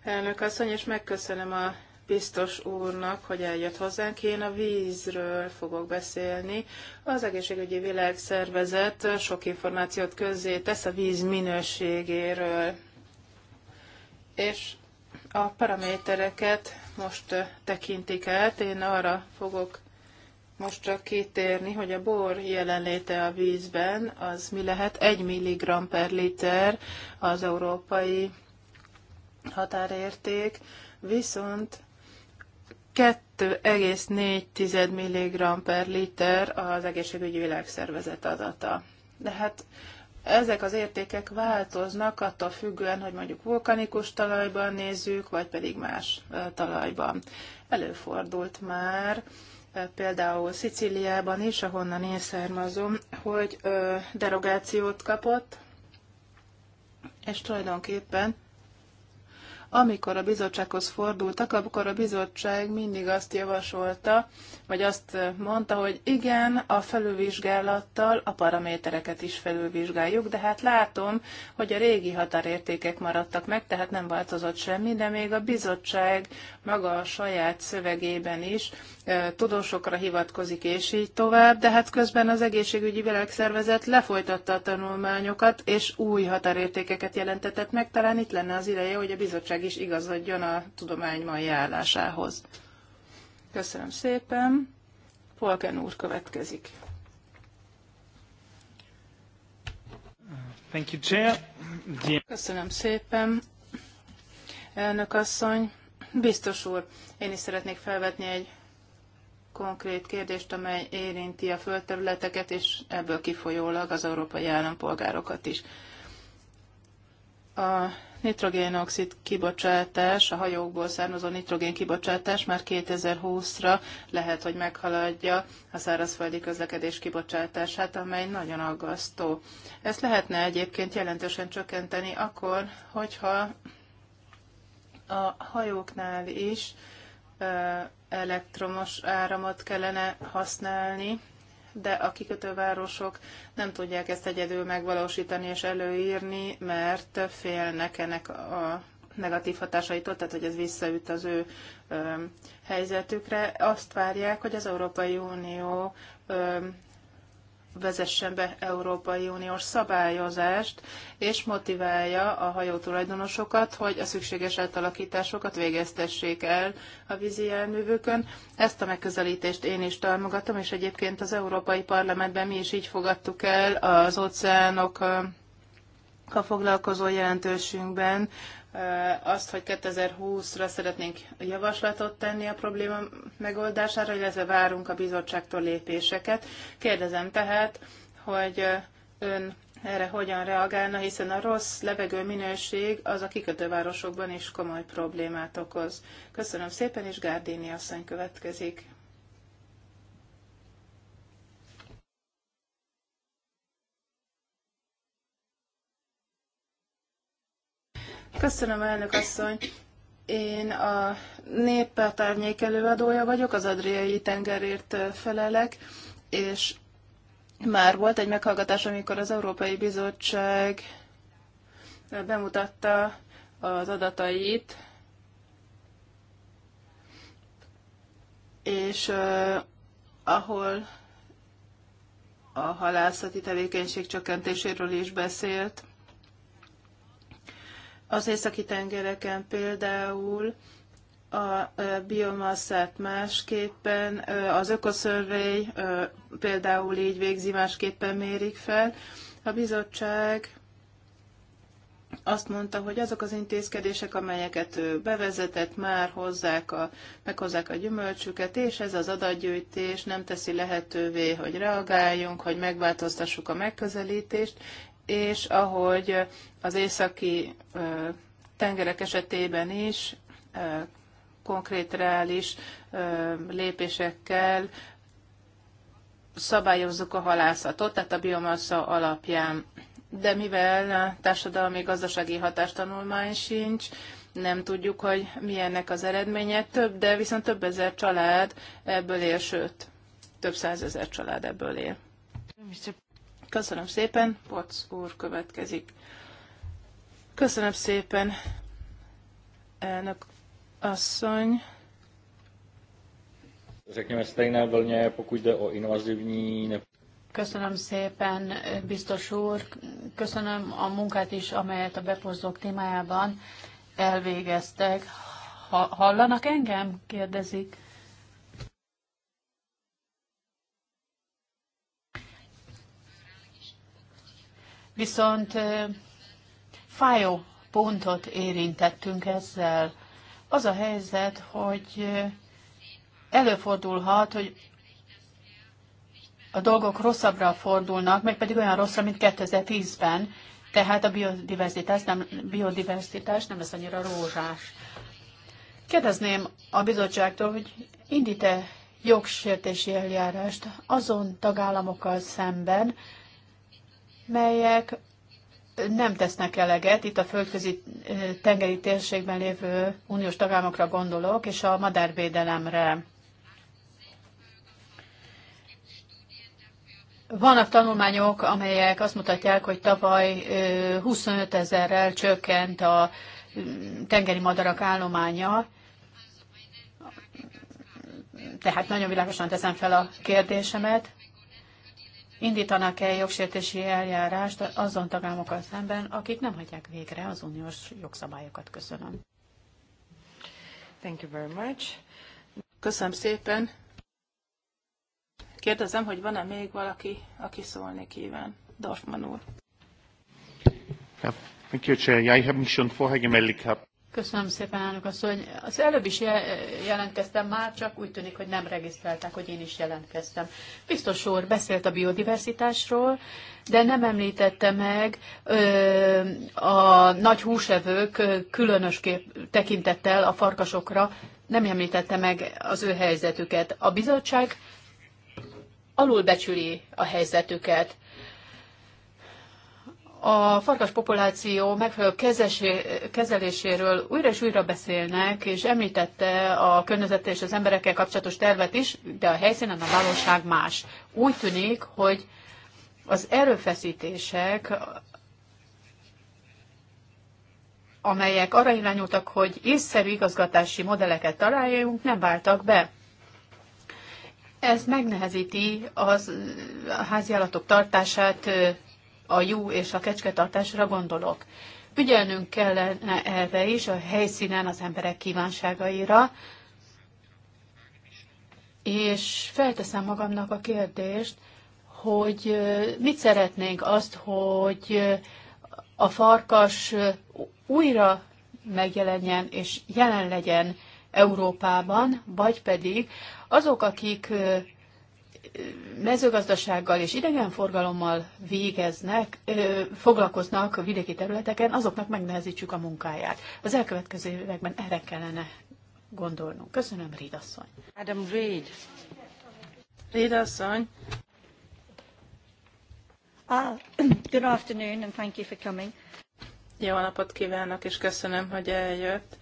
elnök asszony, és megköszönöm a biztos úrnak, hogy eljött hozzánk. Én a vízről fogok beszélni. Az Egészségügyi Világszervezet sok információt közzé tesz a víz minőségéről. És a paramétereket most tekintik át. Én arra fogok most csak kitérni, hogy a bor jelenléte a vízben, az mi lehet? 1 mg per liter az európai határérték, viszont 2,4 mg per liter az egészségügyi világszervezet adata. De hát ezek az értékek változnak attól függően, hogy mondjuk vulkanikus talajban nézzük, vagy pedig más talajban. Előfordult már, például Szicíliában is, ahonnan én származom, hogy derogációt kapott, és tulajdonképpen amikor a bizottsághoz fordultak, akkor a bizottság mindig azt javasolta, vagy azt mondta, hogy igen, a felülvizsgálattal a paramétereket is felülvizsgáljuk, de hát látom, hogy a régi határértékek maradtak meg, tehát nem változott semmi, de még a bizottság maga a saját szövegében is tudósokra hivatkozik, és így tovább, de hát közben az egészségügyi világszervezet lefolytatta a tanulmányokat, és új határértékeket jelentetett meg, talán itt lenne az ideje, hogy a bizottság is igazodjon a tudomány mai állásához. Köszönöm szépen. Polken úr következik. Thank you, Chair. Köszönöm szépen, elnök asszony. Biztos úr, én is szeretnék felvetni egy konkrét kérdést, amely érinti a földterületeket, és ebből kifolyólag az európai állampolgárokat is. A nitrogénoxid kibocsátás, a hajókból származó nitrogén kibocsátás már 2020-ra lehet, hogy meghaladja a szárazföldi közlekedés kibocsátását, amely nagyon aggasztó. Ezt lehetne egyébként jelentősen csökkenteni akkor, hogyha a hajóknál is elektromos áramot kellene használni, de a kikötővárosok nem tudják ezt egyedül megvalósítani és előírni, mert félnek ennek a negatív hatásaitól, tehát hogy ez visszaüt az ő ö, helyzetükre. Azt várják, hogy az Európai Unió ö, vezessen be Európai Uniós szabályozást, és motiválja a hajótulajdonosokat, hogy a szükséges átalakításokat végeztessék el a vízi járművőkön. Ezt a megközelítést én is támogatom, és egyébként az Európai Parlamentben mi is így fogadtuk el az óceánok a foglalkozó jelentősünkben, azt, hogy 2020-ra szeretnénk javaslatot tenni a probléma megoldására, illetve várunk a bizottságtól lépéseket. Kérdezem tehát, hogy ön erre hogyan reagálna, hiszen a rossz levegő minőség az a kikötővárosokban is komoly problémát okoz. Köszönöm szépen, és Gárdini asszony következik. Köszönöm, elnök asszony. Én a néppárt árnyék előadója vagyok, az Adriai tengerért felelek, és már volt egy meghallgatás, amikor az Európai Bizottság bemutatta az adatait, és uh, ahol a halászati tevékenység csökkentéséről is beszélt. Az északi tengereken például a biomasszát másképpen, az ökoszörvény például így végzi, másképpen mérik fel. A bizottság azt mondta, hogy azok az intézkedések, amelyeket ő bevezetett, már hozzák a, meghozzák a gyümölcsüket, és ez az adatgyűjtés nem teszi lehetővé, hogy reagáljunk, hogy megváltoztassuk a megközelítést, és ahogy az északi tengerek esetében is konkrét reális lépésekkel szabályozzuk a halászatot, tehát a biomassa alapján. De mivel társadalmi-gazdasági hatástanulmány sincs, nem tudjuk, hogy milyennek az eredménye. Több, de viszont több ezer család ebből él, sőt, több százezer család ebből él. Köszönöm szépen, Poc úr következik. Köszönöm szépen, elnök asszony. Řekněme stejné vlně, pokud jde o invazivní Köszönöm szépen, biztos úr. Köszönöm a munkát is, amelyet a bepozzók témájában elvégeztek. Ha, hallanak engem? kérdezik. Viszont fájó pontot érintettünk ezzel. Az a helyzet, hogy előfordulhat, hogy a dolgok rosszabbra fordulnak, meg pedig olyan rosszra, mint 2010-ben, tehát a biodiverzitás nem, biodiverzitás nem lesz annyira rózsás. Kérdezném a bizottságtól, hogy indít-e jogsértési eljárást azon tagállamokkal szemben, melyek nem tesznek eleget, itt a földközi eh, tengeri térségben lévő uniós tagállamokra gondolok, és a madárvédelemre. Vannak tanulmányok, amelyek azt mutatják, hogy tavaly 25 eh, ezerrel csökkent a mm, tengeri madarak állománya. Tehát nagyon világosan teszem fel a kérdésemet indítanak el jogsértési eljárást azon tagállamokkal szemben, akik nem hagyják végre az uniós jogszabályokat. Köszönöm. Thank you very much. Köszönöm szépen. Kérdezem, hogy van-e még valaki, aki szólni kíván? Dorfman úr. Ja, thank you, Chair. Ja, ich habe mich schon vorher gemeldet gehabt. Köszönöm szépen, elnök asszony. Az előbb is jelentkeztem már, csak úgy tűnik, hogy nem regisztrálták, hogy én is jelentkeztem. Biztos úr beszélt a biodiversitásról, de nem említette meg ö, a nagy húsevők különösképp tekintettel a farkasokra, nem említette meg az ő helyzetüket. A bizottság alulbecsüli a helyzetüket a farkas populáció megfelelő kezeléséről újra és újra beszélnek, és említette a környezet és az emberekkel kapcsolatos tervet is, de a helyszínen a valóság más. Úgy tűnik, hogy az erőfeszítések, amelyek arra irányultak, hogy észszerű igazgatási modelleket találjunk, nem váltak be. Ez megnehezíti az háziállatok tartását, a jó és a kecsketartásra gondolok. Ügyelnünk kellene erre is, a helyszínen az emberek kívánságaira, és felteszem magamnak a kérdést, hogy mit szeretnénk azt, hogy a farkas újra megjelenjen és jelen legyen Európában, vagy pedig azok, akik mezőgazdasággal és idegenforgalommal végeznek, foglalkoznak a vidéki területeken, azoknak megnehezítsük a munkáját. Az elkövetkező években erre kellene gondolnunk. Köszönöm, Reid asszony. Adam Reid. Reid asszony. Ah, good afternoon and thank you for coming. Jó napot kívánok, és köszönöm, hogy eljött.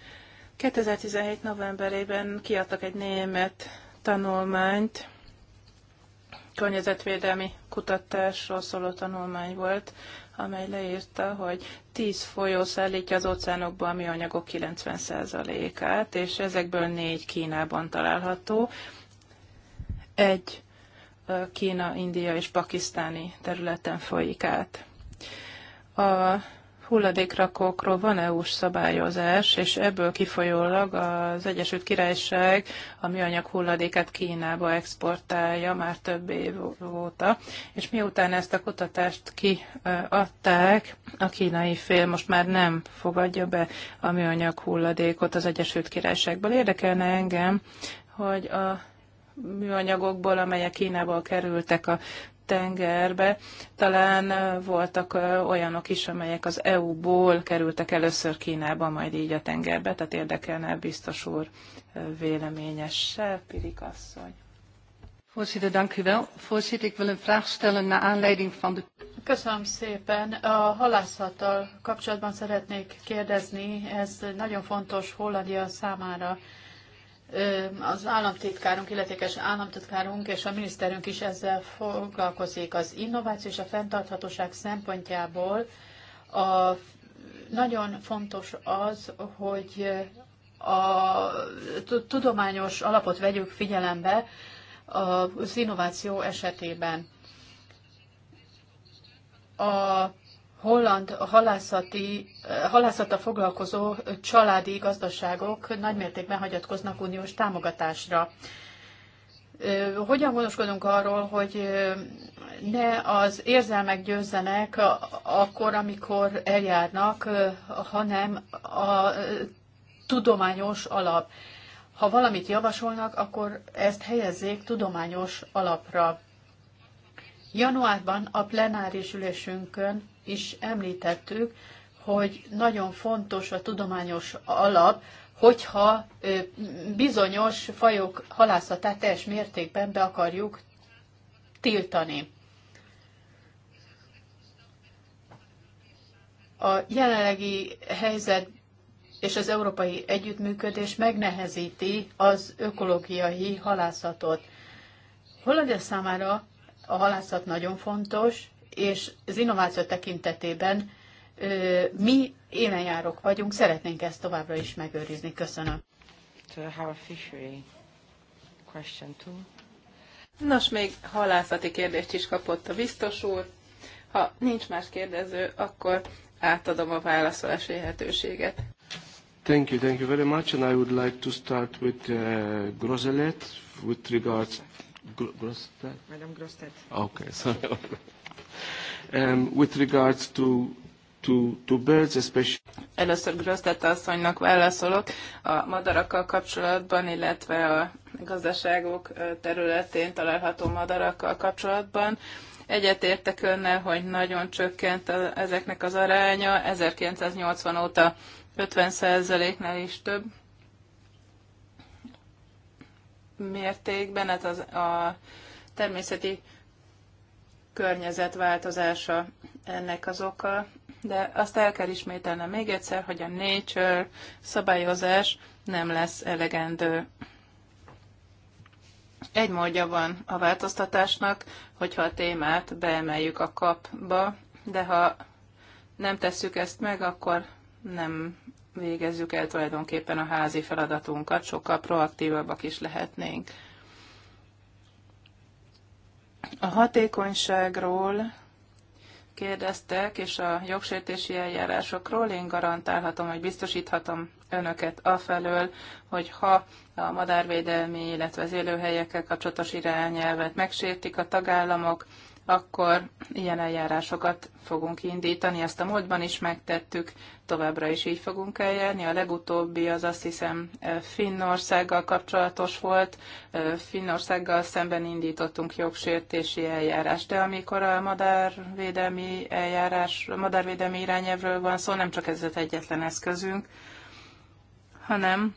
2017. novemberében kiadtak egy német tanulmányt, környezetvédelmi kutatásról szóló tanulmány volt, amely leírta, hogy 10 folyó szállítja az óceánokba a műanyagok 90%-át, és ezekből négy Kínában található. Egy Kína, India és pakisztáni területen folyik át. A hulladékrakókról van EU-s szabályozás, és ebből kifolyólag az Egyesült Királyság a műanyag hulladékát Kínába exportálja már több év óta, és miután ezt a kutatást kiadták, a kínai fél most már nem fogadja be a műanyag hulladékot az Egyesült Királyságból. Érdekelne engem, hogy a műanyagokból, amelyek Kínából kerültek a tengerbe. Talán voltak olyanok is, amelyek az EU-ból kerültek először Kínába, majd így a tengerbe, tehát érdekelne biztos úr véleményes Pirik asszony. Voorzitter, dank u wel. Voorzitter, ik wil een vraag stellen naar aanleiding van de... Köszönöm szépen. A halászattal kapcsolatban szeretnék kérdezni, ez nagyon fontos Hollandia számára az államtitkárunk, illetékes államtitkárunk és a miniszterünk is ezzel foglalkozik. Az innováció és a fenntarthatóság szempontjából a, nagyon fontos az, hogy a tudományos alapot vegyük figyelembe az innováció esetében. A holland halászati, halászata foglalkozó családi gazdaságok nagymértékben hagyatkoznak uniós támogatásra. Hogyan gondoskodunk arról, hogy ne az érzelmek győzzenek akkor, amikor eljárnak, hanem a tudományos alap. Ha valamit javasolnak, akkor ezt helyezzék tudományos alapra. Januárban a plenáris ülésünkön is említettük, hogy nagyon fontos a tudományos alap, hogyha bizonyos fajok halászatát teljes mértékben be akarjuk tiltani. A jelenlegi helyzet és az európai együttműködés megnehezíti az ökológiai halászatot. Hollandia számára a halászat nagyon fontos, és az innováció tekintetében mi élenjárok vagyunk, szeretnénk ezt továbbra is megőrizni. Köszönöm. Nos, még halászati kérdést is kapott a biztos úr. Ha nincs más kérdező, akkor átadom a válaszolási lehetőséget. Thank you, thank you very much, and I would like to start with uh, Groselet with regards Grostet. Madame Grostet. Okay, sorry. Um, with regards to To, to birds especially. Először Grosztetta asszonynak válaszolok a madarakkal kapcsolatban, illetve a gazdaságok területén található madarakkal kapcsolatban. Egyetértek önnel, hogy nagyon csökkent a, ezeknek az aránya, 1980 óta 50%-nál is több mértékben, hát az, a természeti környezetváltozása ennek az oka, de azt el kell ismételnem még egyszer, hogy a nature szabályozás nem lesz elegendő. Egy módja van a változtatásnak, hogyha a témát beemeljük a kapba, de ha nem tesszük ezt meg, akkor nem végezzük el tulajdonképpen a házi feladatunkat, sokkal proaktívabbak is lehetnénk. A hatékonyságról kérdeztek, és a jogsértési eljárásokról én garantálhatom, hogy biztosíthatom önöket afelől, hogy ha a madárvédelmi, illetve az élőhelyekkel kapcsolatos irányelvet megsértik a tagállamok, akkor ilyen eljárásokat fogunk indítani. Ezt a múltban is megtettük, továbbra is így fogunk eljárni. A legutóbbi az azt hiszem Finnországgal kapcsolatos volt. Finnországgal szemben indítottunk jogsértési eljárást, de amikor a madárvédelmi eljárás, a madárvédelmi irányelvről van szó, nem csak ez egyetlen eszközünk, hanem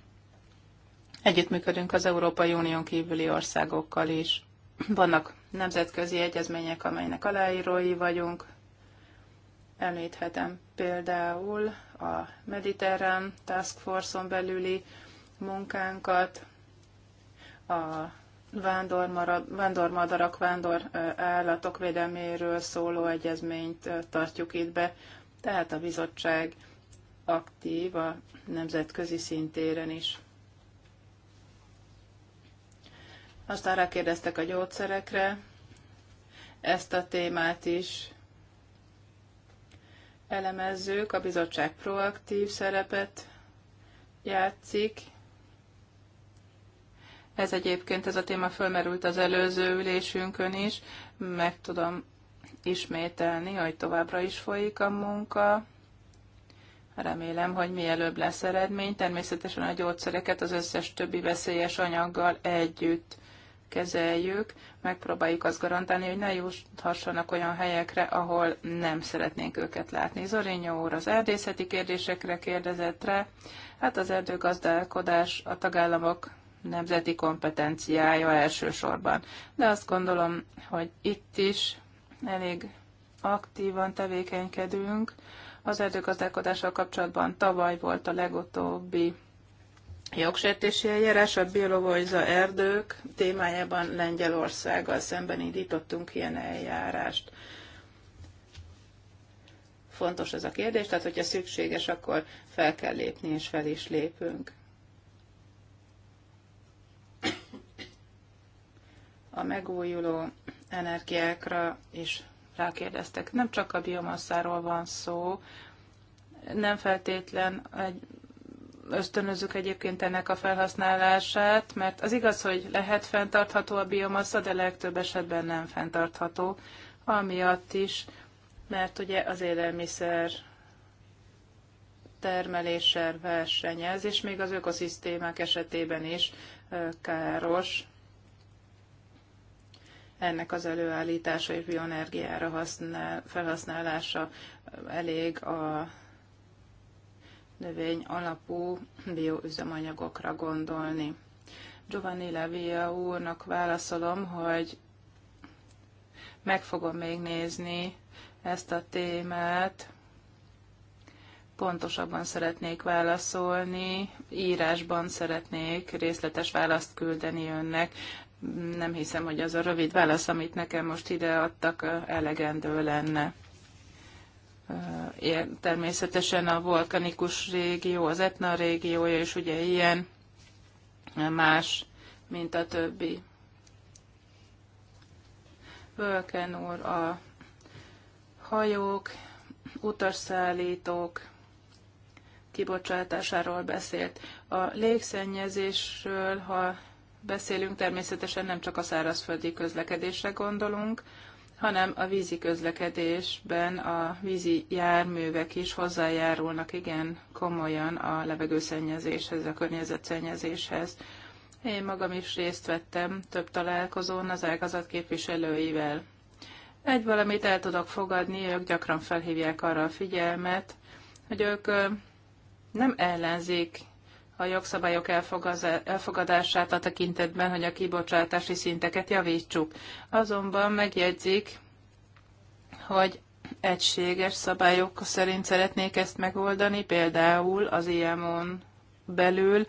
együttműködünk az Európai Unión kívüli országokkal is. Vannak nemzetközi egyezmények, amelynek aláírói vagyunk. Említhetem például a Mediterrán Task Force-on belüli munkánkat, a vándormadarak, vándor állatok védelméről szóló egyezményt tartjuk itt be, tehát a bizottság aktív a nemzetközi szintéren is. Aztán rákérdeztek a gyógyszerekre, ezt a témát is elemezzük, a bizottság proaktív szerepet játszik. Ez egyébként ez a téma fölmerült az előző ülésünkön is, meg tudom ismételni, hogy továbbra is folyik a munka. Remélem, hogy mielőbb lesz eredmény. Természetesen a gyógyszereket az összes többi veszélyes anyaggal együtt kezeljük, megpróbáljuk azt garantálni, hogy ne juthassanak olyan helyekre, ahol nem szeretnénk őket látni. Zorinyó úr az erdészeti kérdésekre kérdezett rá. Hát az erdőgazdálkodás a tagállamok nemzeti kompetenciája elsősorban. De azt gondolom, hogy itt is elég aktívan tevékenykedünk. Az erdőgazdálkodással kapcsolatban tavaly volt a legutóbbi jogsértési eljárás a Bielovojza erdők témájában Lengyelországgal szemben indítottunk ilyen eljárást. Fontos ez a kérdés, tehát hogyha szükséges, akkor fel kell lépni, és fel is lépünk. A megújuló energiákra is rákérdeztek. Nem csak a biomasszáról van szó, nem feltétlen egy ösztönözzük egyébként ennek a felhasználását, mert az igaz, hogy lehet fenntartható a biomassa, de legtöbb esetben nem fenntartható, amiatt is, mert ugye az élelmiszer termeléssel versenyez, és még az ökoszisztémák esetében is káros ennek az előállítása és bioenergiára felhasználása elég a növény alapú bioüzemanyagokra gondolni. Giovanni Levia úrnak válaszolom, hogy meg fogom még nézni ezt a témát, pontosabban szeretnék válaszolni, írásban szeretnék részletes választ küldeni önnek. Nem hiszem, hogy az a rövid válasz, amit nekem most ide adtak, elegendő lenne ilyen természetesen a vulkanikus régió, az Etna régiója is ugye ilyen más, mint a többi. Völken úr, a hajók, utasszállítók kibocsátásáról beszélt. A légszennyezésről, ha beszélünk, természetesen nem csak a szárazföldi közlekedésre gondolunk, hanem a vízi közlekedésben a vízi járművek is hozzájárulnak igen komolyan a levegőszennyezéshez, a környezetszennyezéshez. Én magam is részt vettem több találkozón az ágazat képviselőivel. Egy valamit el tudok fogadni, ők gyakran felhívják arra a figyelmet, hogy ők nem ellenzik a jogszabályok elfogadását a tekintetben, hogy a kibocsátási szinteket javítsuk. Azonban megjegyzik, hogy egységes szabályok szerint szeretnék ezt megoldani, például az IMO-n belül,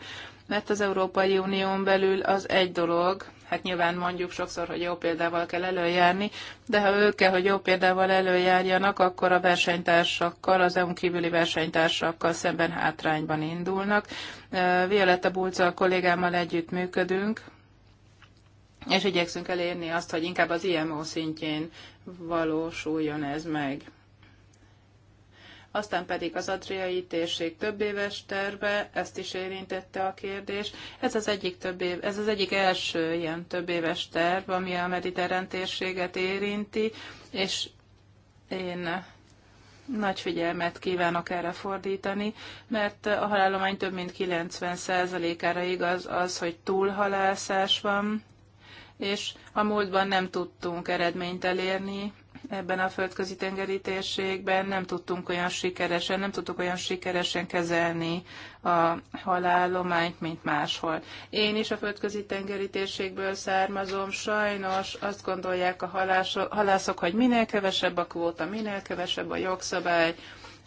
mert az Európai Unión belül az egy dolog, Hát nyilván mondjuk sokszor, hogy jó példával kell előjárni, de ha ők kell, hogy jó példával előjárjanak, akkor a versenytársakkal, az EU-n kívüli versenytársakkal szemben hátrányban indulnak. Violetta Bulca a kollégámmal együtt működünk, és igyekszünk elérni azt, hogy inkább az IMO szintjén valósuljon ez meg aztán pedig az adriai térség több éves terve, ezt is érintette a kérdés. Ez az egyik, több év, ez az egyik első ilyen több éves terv, ami a mediterrán térséget érinti, és én nagy figyelmet kívánok erre fordítani, mert a halálomány több mint 90%-ára igaz az, hogy túlhalászás van, és a múltban nem tudtunk eredményt elérni ebben a földközi tengeri térségben nem tudtunk olyan sikeresen, nem tudtuk olyan sikeresen kezelni a halállományt, mint máshol. Én is a földközi tengeri térségből származom, sajnos azt gondolják a halászok, hogy minél kevesebb a kvóta, minél kevesebb a jogszabály,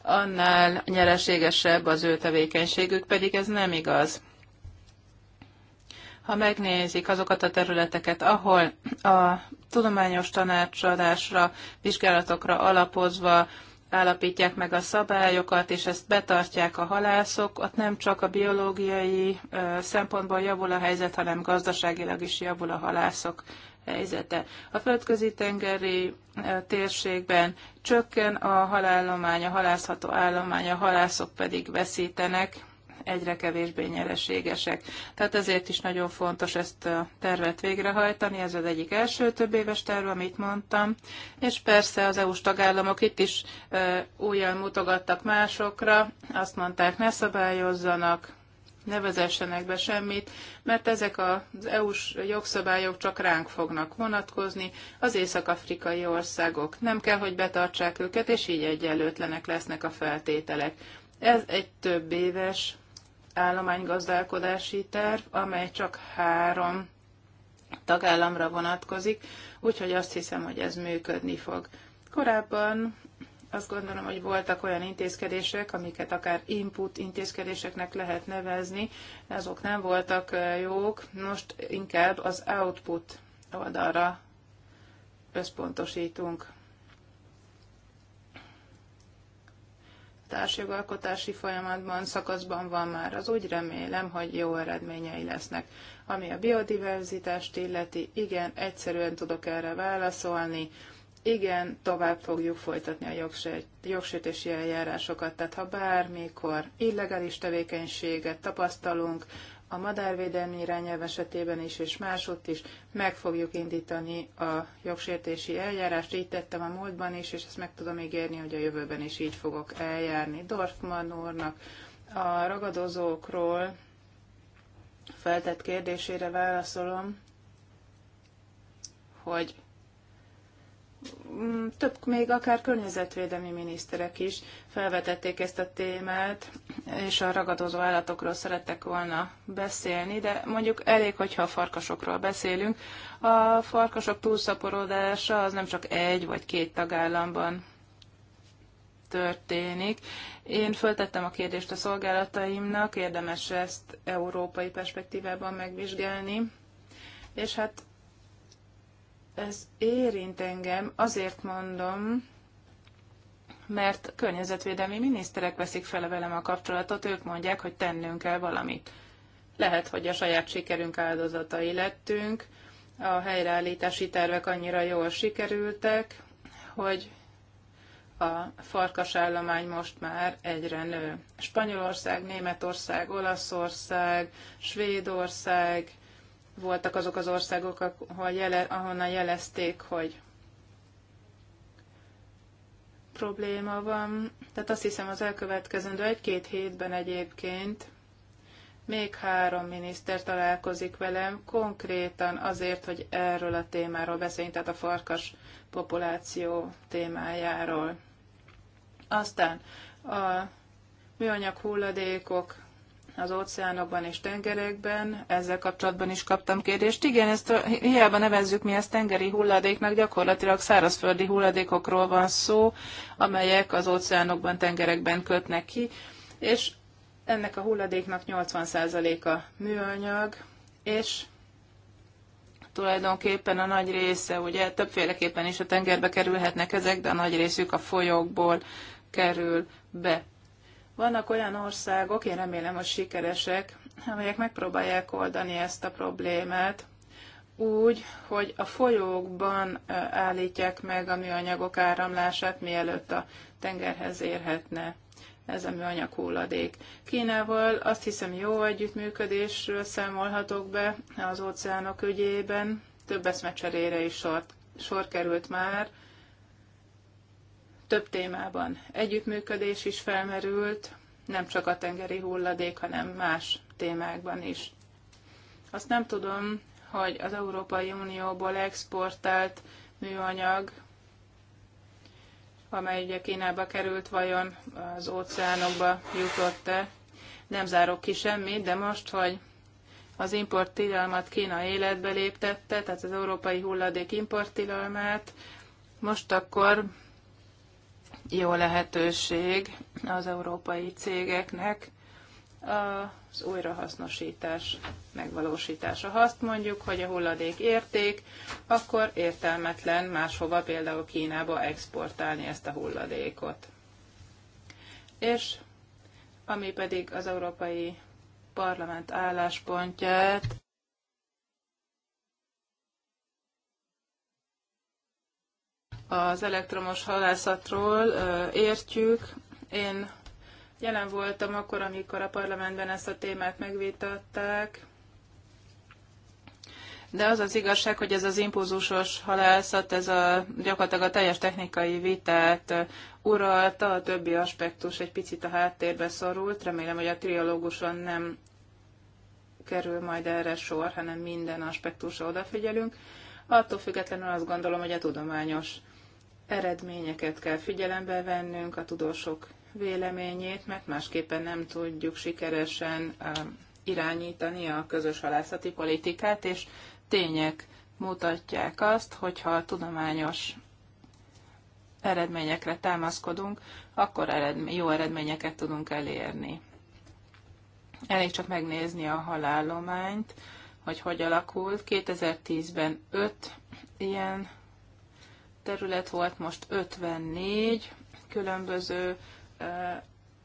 annál nyereségesebb az ő tevékenységük, pedig ez nem igaz ha megnézik azokat a területeket, ahol a tudományos tanácsadásra, vizsgálatokra alapozva állapítják meg a szabályokat, és ezt betartják a halászok, ott nem csak a biológiai szempontból javul a helyzet, hanem gazdaságilag is javul a halászok helyzete. A földközi tengeri térségben csökken a halállomány, a halászható állomány, a halászok pedig veszítenek, egyre kevésbé nyereségesek. Tehát ezért is nagyon fontos ezt a tervet végrehajtani, ez az egyik első több éves terv, amit mondtam, és persze az EU-s tagállamok itt is e, újjal mutogattak másokra, azt mondták, ne szabályozzanak, ne vezessenek be semmit, mert ezek az EU-s jogszabályok csak ránk fognak vonatkozni, az észak-afrikai országok nem kell, hogy betartsák őket, és így egyenlőtlenek lesznek a feltételek. Ez egy több éves állománygazdálkodási terv, amely csak három tagállamra vonatkozik, úgyhogy azt hiszem, hogy ez működni fog. Korábban azt gondolom, hogy voltak olyan intézkedések, amiket akár input intézkedéseknek lehet nevezni, azok nem voltak jók, most inkább az output oldalra összpontosítunk. társjogalkotási folyamatban, szakaszban van már, az úgy remélem, hogy jó eredményei lesznek. Ami a biodiverzitást illeti, igen, egyszerűen tudok erre válaszolni, igen, tovább fogjuk folytatni a jogsértési eljárásokat, tehát ha bármikor illegális tevékenységet tapasztalunk, a madárvédelmi irányelv esetében is, és másutt is meg fogjuk indítani a jogsértési eljárást. Így tettem a múltban is, és ezt meg tudom ígérni, hogy a jövőben is így fogok eljárni. Dorfman úrnak a ragadozókról feltett kérdésére válaszolom, hogy Mm, több, még akár környezetvédelmi miniszterek is felvetették ezt a témát, és a ragadozó állatokról szerettek volna beszélni, de mondjuk elég, hogyha a farkasokról beszélünk. A farkasok túlszaporodása az nem csak egy vagy két tagállamban történik. Én föltettem a kérdést a szolgálataimnak, érdemes ezt európai perspektívában megvizsgálni, és hát ez érint engem, azért mondom, mert környezetvédelmi miniszterek veszik fel velem a kapcsolatot, ők mondják, hogy tennünk kell valamit. Lehet, hogy a saját sikerünk áldozatai lettünk, a helyreállítási tervek annyira jól sikerültek, hogy a farkasállomány most már egyre nő. Spanyolország, Németország, Olaszország, Svédország, voltak azok az országok, ahol jele, ahonnan jelezték, hogy probléma van. Tehát azt hiszem az elkövetkezendő egy-két hétben egyébként még három miniszter találkozik velem konkrétan azért, hogy erről a témáról beszéljünk, tehát a farkas populáció témájáról. Aztán a műanyag hulladékok az óceánokban és tengerekben. Ezzel kapcsolatban is kaptam kérdést. Igen, ezt hiába nevezzük mi ezt tengeri hulladéknak, gyakorlatilag szárazföldi hulladékokról van szó, amelyek az óceánokban, tengerekben kötnek ki, és ennek a hulladéknak 80%-a műanyag, és tulajdonképpen a nagy része, ugye többféleképpen is a tengerbe kerülhetnek ezek, de a nagy részük a folyókból kerül be. Vannak olyan országok, én remélem, hogy sikeresek, amelyek megpróbálják oldani ezt a problémát úgy, hogy a folyókban állítják meg a műanyagok áramlását, mielőtt a tengerhez érhetne ez a műanyag hulladék. Kínával azt hiszem jó együttműködésről számolhatok be az óceánok ügyében, több eszmecserére is sor, sor került már, több témában együttműködés is felmerült, nem csak a tengeri hulladék, hanem más témákban is. Azt nem tudom, hogy az Európai Unióból exportált műanyag, amely ugye Kínába került, vajon az óceánokba jutott-e. Nem zárok ki semmit, de most, hogy az importtilalmat Kína életbe léptette, tehát az európai hulladék importtilalmát, most akkor jó lehetőség az európai cégeknek az újrahasznosítás megvalósítása. Ha azt mondjuk, hogy a hulladék érték, akkor értelmetlen máshova, például Kínába exportálni ezt a hulladékot. És ami pedig az Európai Parlament álláspontját az elektromos halászatról értjük. Én jelen voltam akkor, amikor a parlamentben ezt a témát megvitatták, de az az igazság, hogy ez az impulzusos halászat, ez a, gyakorlatilag a teljes technikai vitát uralta, a többi aspektus egy picit a háttérbe szorult. Remélem, hogy a triológuson nem kerül majd erre sor, hanem minden aspektusra odafigyelünk. Attól függetlenül azt gondolom, hogy a tudományos eredményeket kell figyelembe vennünk, a tudósok véleményét, mert másképpen nem tudjuk sikeresen um, irányítani a közös halászati politikát, és tények mutatják azt, hogyha a tudományos eredményekre támaszkodunk, akkor eredmény, jó eredményeket tudunk elérni. Elég csak megnézni a halállományt, hogy hogy alakult. 2010-ben 5 ilyen terület volt, most 54 különböző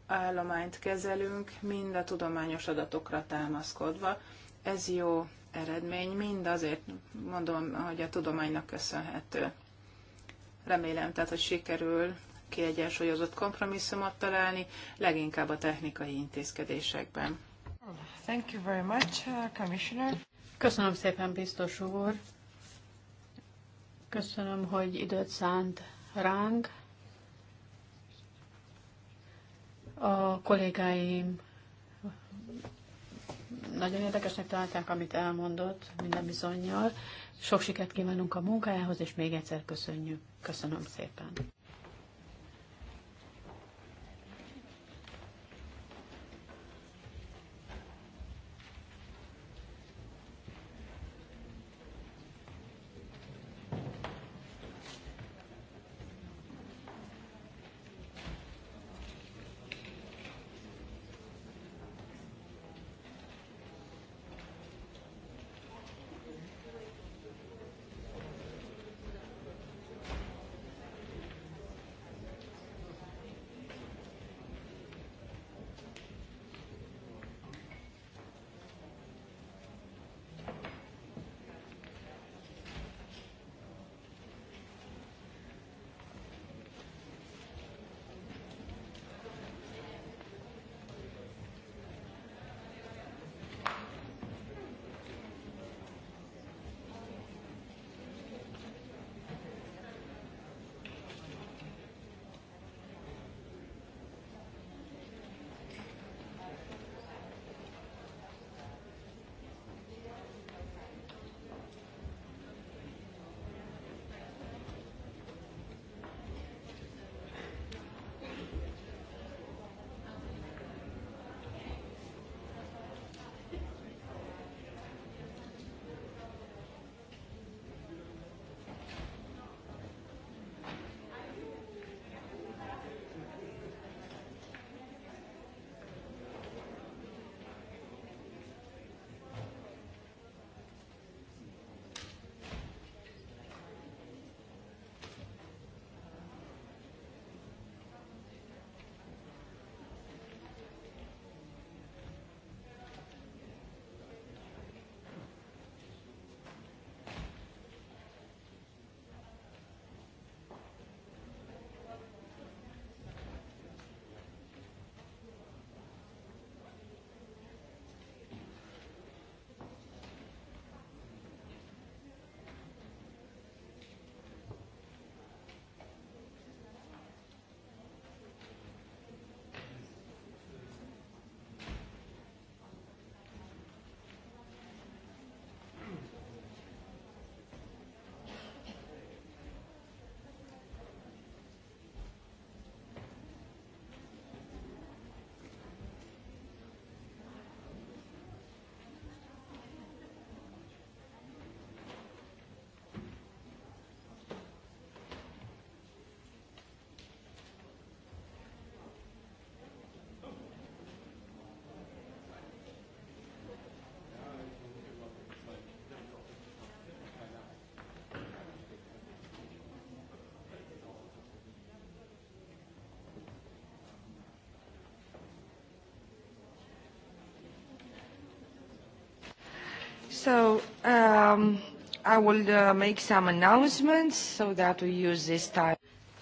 állományt kezelünk, mind a tudományos adatokra támaszkodva. Ez jó eredmény, mind azért mondom, hogy a tudománynak köszönhető. Remélem tehát, hogy sikerül kiegyensúlyozott kompromisszumot találni, leginkább a technikai intézkedésekben. Thank you very much, uh, Commissioner. Köszönöm szépen, biztos úr. Köszönöm, hogy időt szánt ránk. A kollégáim nagyon érdekesnek találták, amit elmondott, minden bizonyjal. Sok sikert kívánunk a munkájához, és még egyszer köszönjük. Köszönöm szépen.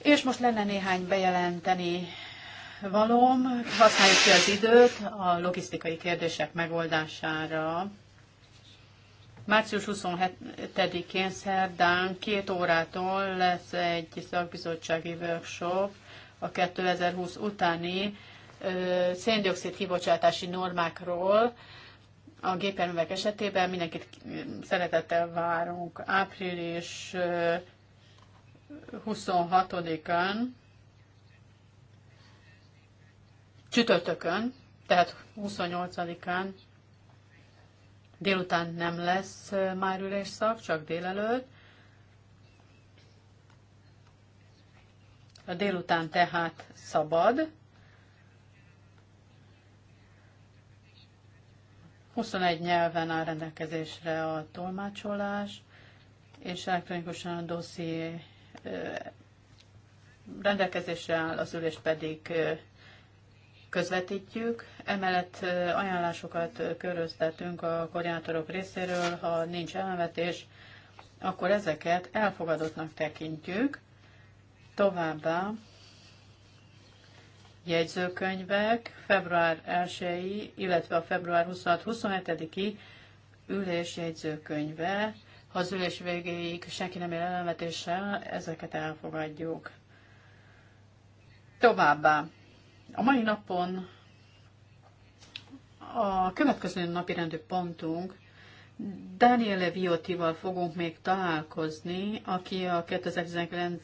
És most lenne néhány bejelenteni valóm. Használjuk ki az időt a logisztikai kérdések megoldására. Március 27-én szerdán két órától lesz egy szakbizottsági workshop a 2020 utáni széndiokszid kibocsátási normákról a gépjárművek esetében mindenkit szeretettel várunk. Április 26-án, csütörtökön, tehát 28-án délután nem lesz már ülésszak, csak délelőtt. A délután tehát szabad, 21 nyelven áll rendelkezésre a tolmácsolás, és elektronikusan a dosszié rendelkezésre áll, az ülést pedig közvetítjük. Emellett ajánlásokat köröztetünk a koordinátorok részéről, ha nincs elvetés, akkor ezeket elfogadottnak tekintjük. Továbbá jegyzőkönyvek február 1-i, illetve a február 26-27-i ülés jegyzőkönyve. Ha az ülés végéig senki nem él elemetéssel, ezeket elfogadjuk. Továbbá, a mai napon a következő napi rendű pontunk Daniele Viotival fogunk még találkozni, aki a 2019.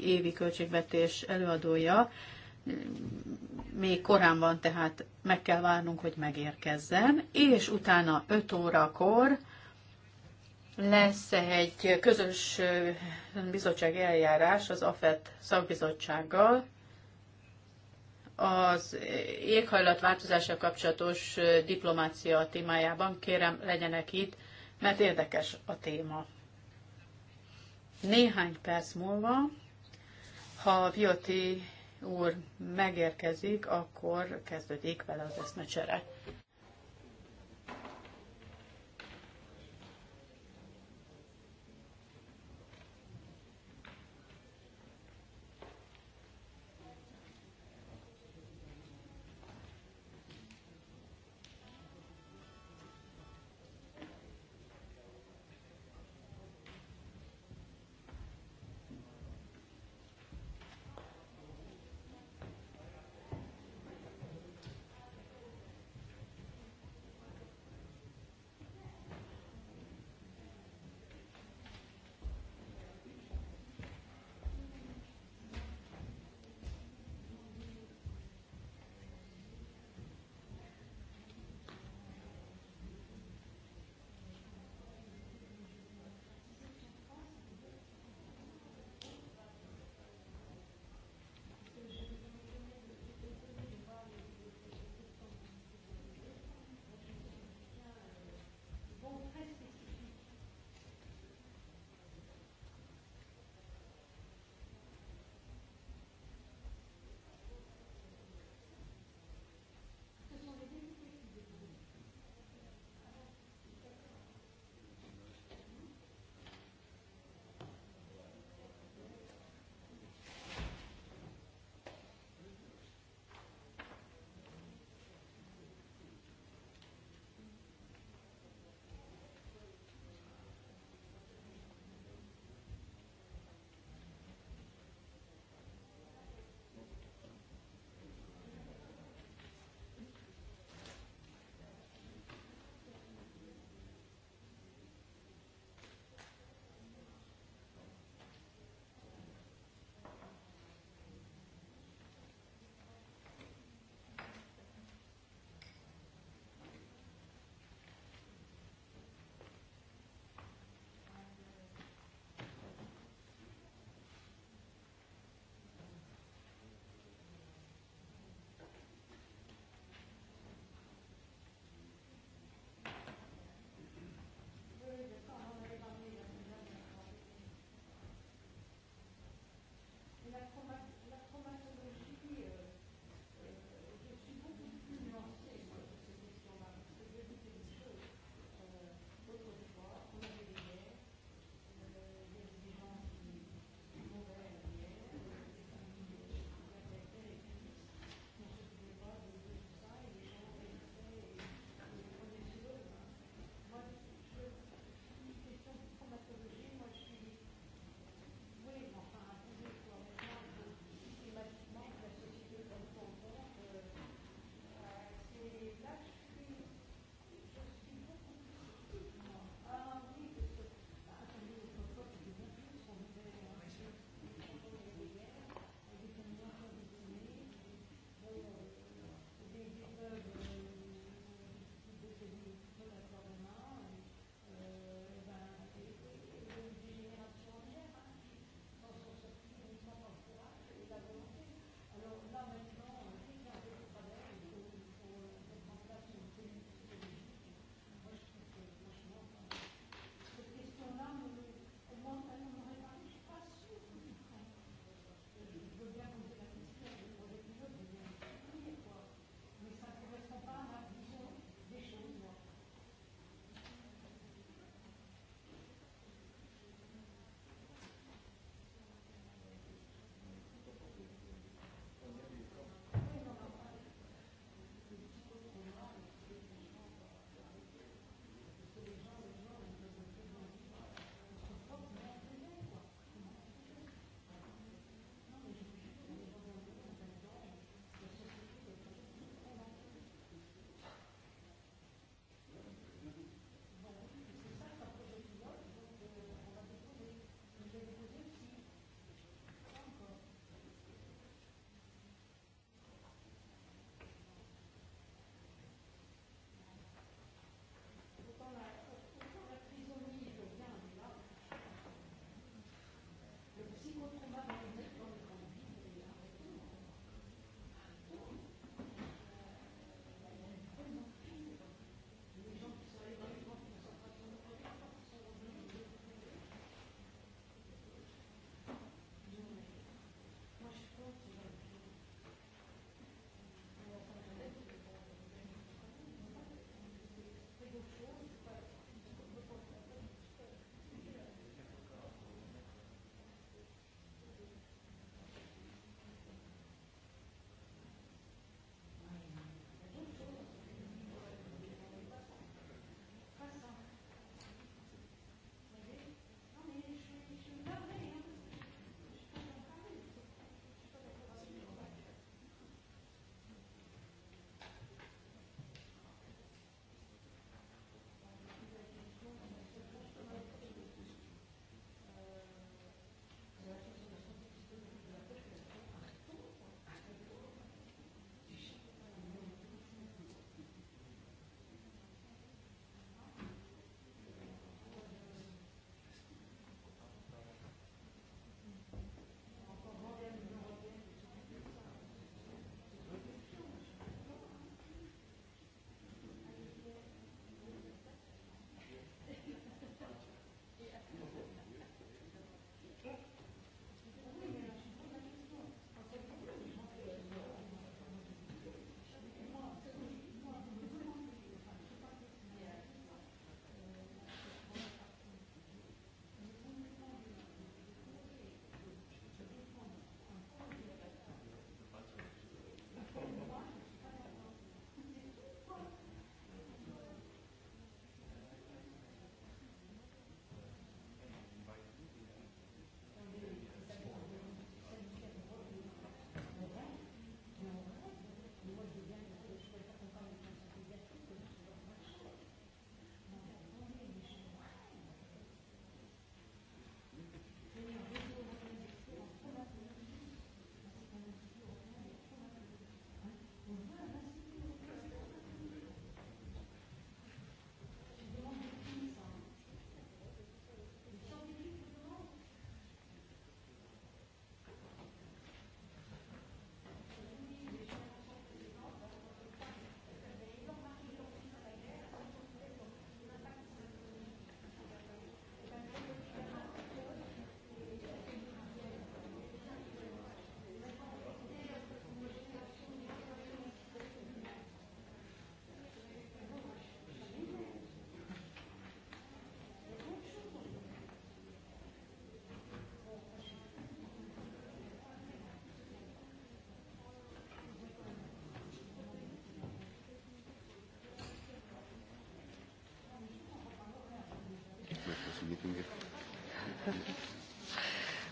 évi költségvetés előadója még korán van, tehát meg kell várnunk, hogy megérkezzen, és utána 5 órakor lesz egy közös bizottság eljárás az AFET szakbizottsággal, az éghajlatváltozással kapcsolatos diplomácia témájában. Kérem, legyenek itt, mert érdekes a téma. Néhány perc múlva, ha a Vioti úr megérkezik, akkor kezdődik vele az eszmecsere.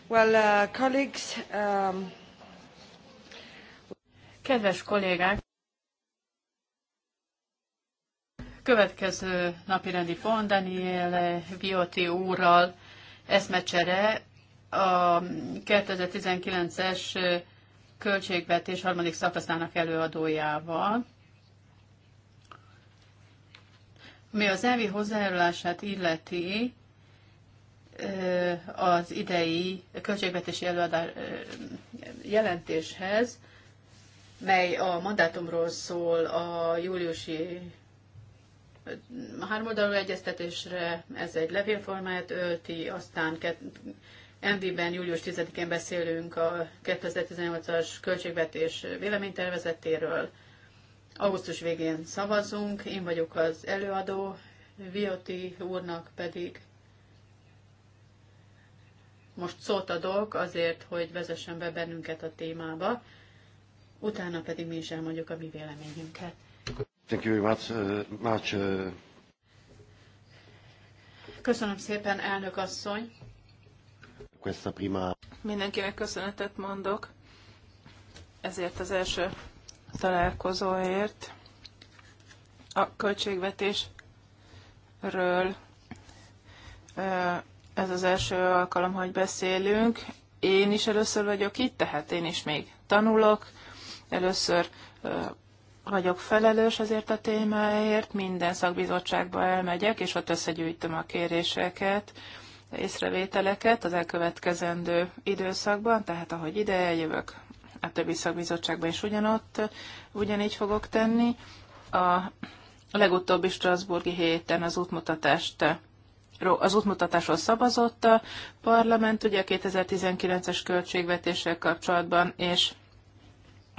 Well, uh, colleagues, um... Kedves kollégák, következő napi rendi pont Daniel Vioti úrral eszmecsere a 2019-es költségvetés harmadik szakaszának előadójával. Mi az elvi hozzájárulását illeti, az idei költségvetési előadás jelentéshez, mely a mandátumról szól a júliusi háromoldalú egyeztetésre, ez egy levélformáját ölti, aztán MV-ben július 10-én beszélünk a 2018-as költségvetés véleménytervezetéről. Augusztus végén szavazunk, én vagyok az előadó, Vioti úrnak pedig most szót adok azért, hogy vezessen be bennünket a témába, utána pedig mi is elmondjuk a mi véleményünket. Thank you very much. Uh, much uh... Köszönöm szépen, elnök asszony. Questa prima... Mindenkinek köszönetet mondok ezért az első találkozóért. A költségvetésről uh, ez az első alkalom, hogy beszélünk. Én is először vagyok itt, tehát én is még tanulok. Először vagyok felelős azért a témáért, minden szakbizottságba elmegyek, és ott összegyűjtöm a kéréseket, észrevételeket az elkövetkezendő időszakban, tehát ahogy ide eljövök, a többi szakbizottságban is ugyanott ugyanígy fogok tenni. A legutóbbi Strasburgi héten az útmutatást az útmutatásról szavazott a parlament, ugye a 2019-es költségvetéssel kapcsolatban, és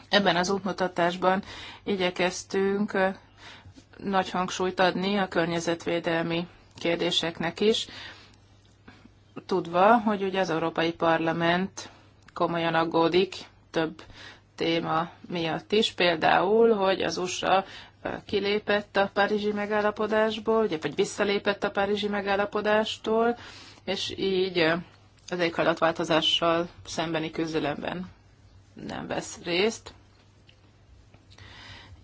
ebben az útmutatásban igyekeztünk nagy hangsúlyt adni a környezetvédelmi kérdéseknek is, tudva, hogy ugye az Európai Parlament komolyan aggódik több téma miatt is, például, hogy az USA kilépett a Párizsi megállapodásból, ugye, vagy visszalépett a Párizsi megállapodástól, és így az éghajlatváltozással szembeni küzdelemben nem vesz részt.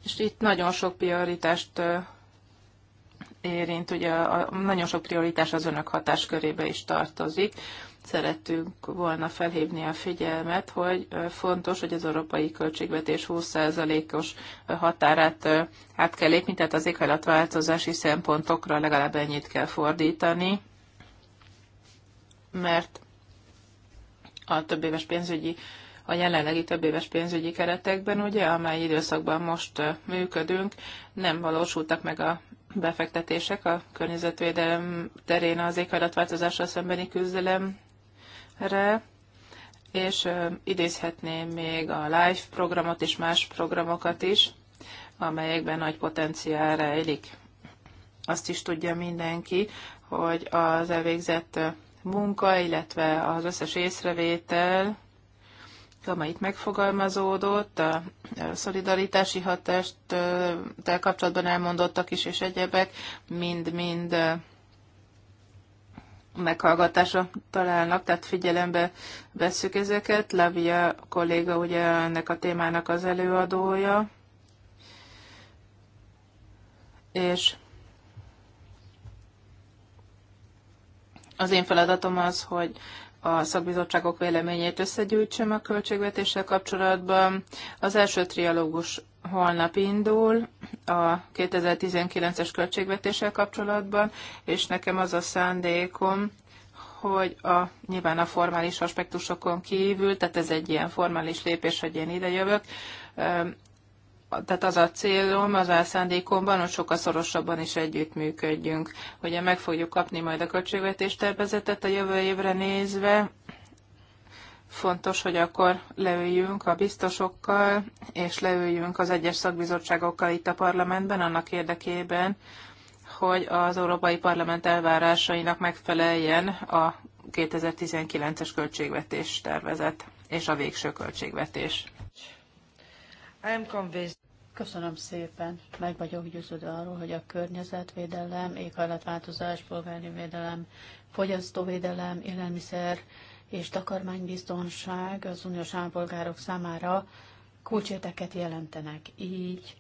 És itt nagyon sok prioritást érint, ugye a, nagyon sok prioritás az önök hatáskörébe is tartozik szerettünk volna felhívni a figyelmet, hogy fontos, hogy az európai költségvetés 20%-os határát át kell lépni, tehát az éghajlatváltozási szempontokra legalább ennyit kell fordítani, mert a több éves pénzügyi a jelenlegi több éves pénzügyi keretekben, ugye, amely időszakban most működünk, nem valósultak meg a befektetések a környezetvédelem terén az éghajlatváltozással szembeni küzdelem re, és idézhetném még a live programot és más programokat is, amelyekben nagy potenciál rejlik. Azt is tudja mindenki, hogy az elvégzett munka, illetve az összes észrevétel, amely itt megfogalmazódott, a szolidaritási hatást kapcsolatban elmondottak is, és egyebek, mind-mind meghallgatásra találnak, tehát figyelembe vesszük ezeket. Lavia kolléga ugye ennek a témának az előadója, és az én feladatom az, hogy a szakbizottságok véleményét összegyűjtsem a költségvetéssel kapcsolatban. Az első trialógus holnap indul a 2019-es költségvetéssel kapcsolatban, és nekem az a szándékom, hogy a, nyilván a formális aspektusokon kívül, tehát ez egy ilyen formális lépés, hogy én ide jövök, tehát az a célom, az elszándékomban, hogy sokkal szorosabban is együttműködjünk. Ugye meg fogjuk kapni majd a költségvetés tervezetet a jövő évre nézve. Fontos, hogy akkor leüljünk a biztosokkal, és leüljünk az egyes szakbizottságokkal itt a parlamentben, annak érdekében, hogy az Európai Parlament elvárásainak megfeleljen a 2019-es költségvetés tervezet és a végső költségvetés. I am convinced. Köszönöm szépen. Meg vagyok győződve arról, hogy a környezetvédelem, éghajlatváltozás, polgári védelem, fogyasztóvédelem, élelmiszer és takarmánybiztonság az uniós állampolgárok számára kulcsérteket jelentenek. Így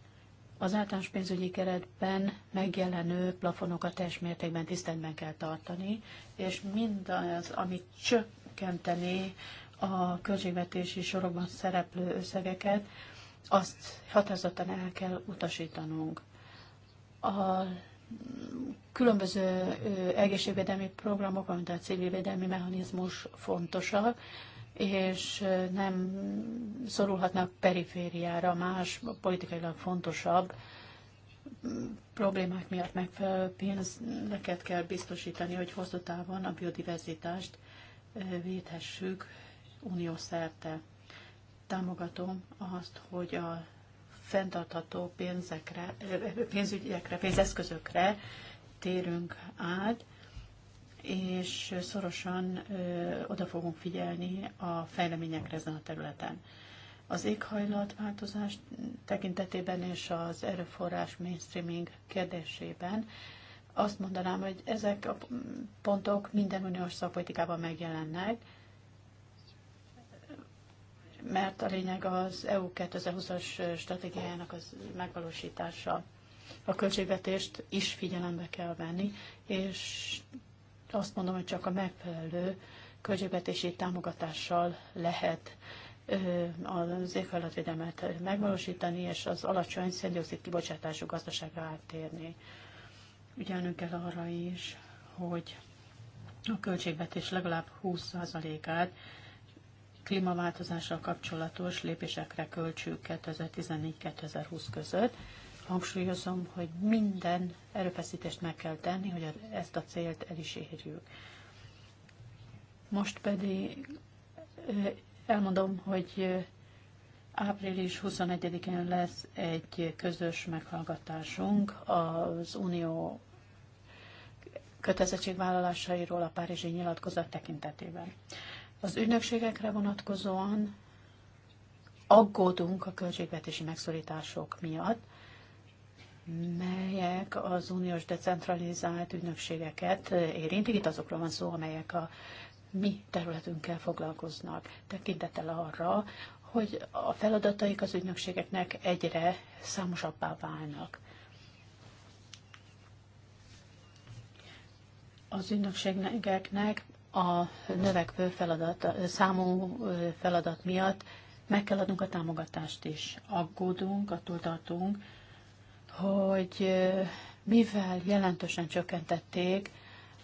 az általános pénzügyi keretben megjelenő plafonokat teljes mértékben tiszteletben kell tartani, és mindaz, amit csökkenteni a költségvetési sorokban szereplő összegeket, azt határozottan el kell utasítanunk. A különböző egészségvédelmi programok, mint a civil védelmi mechanizmus fontosak, és nem szorulhatnak perifériára más politikailag fontosabb problémák miatt megfelelő pénzeket kell biztosítani, hogy hosszú távon a biodiverzitást védhessük uniós szerte támogatom azt, hogy a fenntartható pénzekre, pénzügyekre, pénzeszközökre térünk át, és szorosan ö, oda fogunk figyelni a fejleményekre ezen a területen. Az éghajlatváltozás tekintetében és az erőforrás mainstreaming kérdésében azt mondanám, hogy ezek a pontok minden uniós szakpolitikában megjelennek, mert a lényeg az EU 2020-as stratégiájának az megvalósítása. A költségvetést is figyelembe kell venni, és azt mondom, hogy csak a megfelelő költségvetési támogatással lehet az éghajlatvédelmet megvalósítani, és az alacsony széndiokszid kibocsátású gazdaságra áttérni. Ügyelnünk kell arra is, hogy a költségvetés legalább 20%-át klímaváltozással kapcsolatos lépésekre költsük 2014-2020 között. Hangsúlyozom, hogy minden erőfeszítést meg kell tenni, hogy ezt a célt el is érjük. Most pedig elmondom, hogy április 21-én lesz egy közös meghallgatásunk az Unió kötelezettségvállalásairól a Párizsi nyilatkozat tekintetében. Az ügynökségekre vonatkozóan aggódunk a költségvetési megszorítások miatt, melyek az uniós decentralizált ügynökségeket érintik. Itt azokról van szó, amelyek a mi területünkkel foglalkoznak, tekintettel arra, hogy a feladataik az ügynökségeknek egyre számosabbá válnak. Az ügynökségeknek a növekvő feladat, számú feladat miatt meg kell adnunk a támogatást is. Aggódunk, attól tartunk, hogy mivel jelentősen csökkentették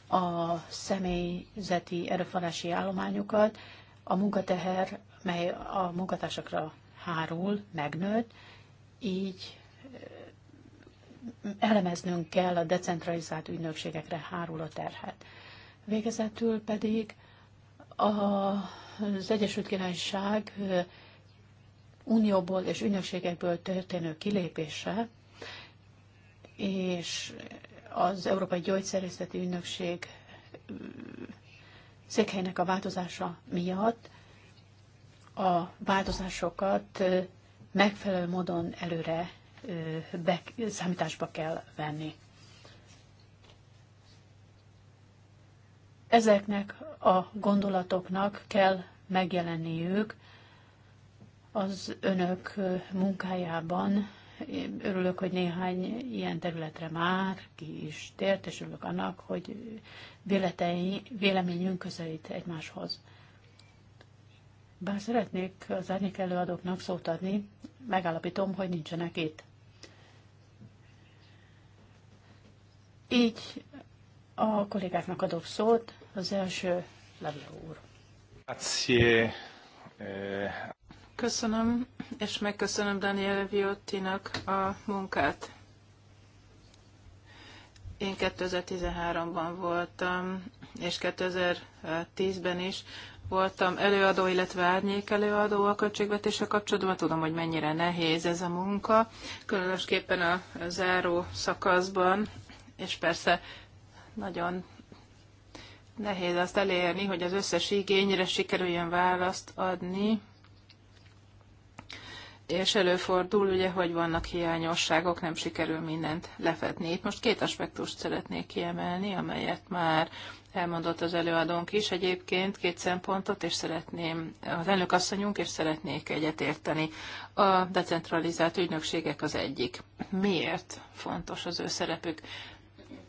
a személyzeti erőforrási állományokat, a munkateher, mely a munkatársakra hárul, megnőtt, így elemeznünk kell a decentralizált ügynökségekre háruló terhet. Végezetül pedig az Egyesült Királyság unióból és ügynökségekből történő kilépése és az Európai Gyógyszerészeti Ügynökség székhelynek a változása miatt a változásokat megfelelő módon előre számításba kell venni. Ezeknek a gondolatoknak kell megjelenniük az önök munkájában. Én örülök, hogy néhány ilyen területre már ki is tért, és örülök annak, hogy véleményünk közelít egymáshoz. Bár szeretnék az árnyék előadóknak szót adni, megállapítom, hogy nincsenek itt. Így a kollégáknak adok szót. Az első úr. Eh. Köszönöm, és megköszönöm Daniele Viottinak a munkát. Én 2013-ban voltam, és 2010-ben is voltam előadó, illetve árnyék előadó a költségvetése kapcsolatban. Tudom, hogy mennyire nehéz ez a munka, különösképpen a záró szakaszban, és persze nagyon nehéz azt elérni, hogy az összes igényre sikerüljön választ adni, és előfordul ugye, hogy vannak hiányosságok, nem sikerül mindent lefetni. Itt most két aspektust szeretnék kiemelni, amelyet már elmondott az előadónk is egyébként, két szempontot, és szeretném, az elnök asszonyunk, és szeretnék egyetérteni. A decentralizált ügynökségek az egyik. Miért fontos az ő szerepük?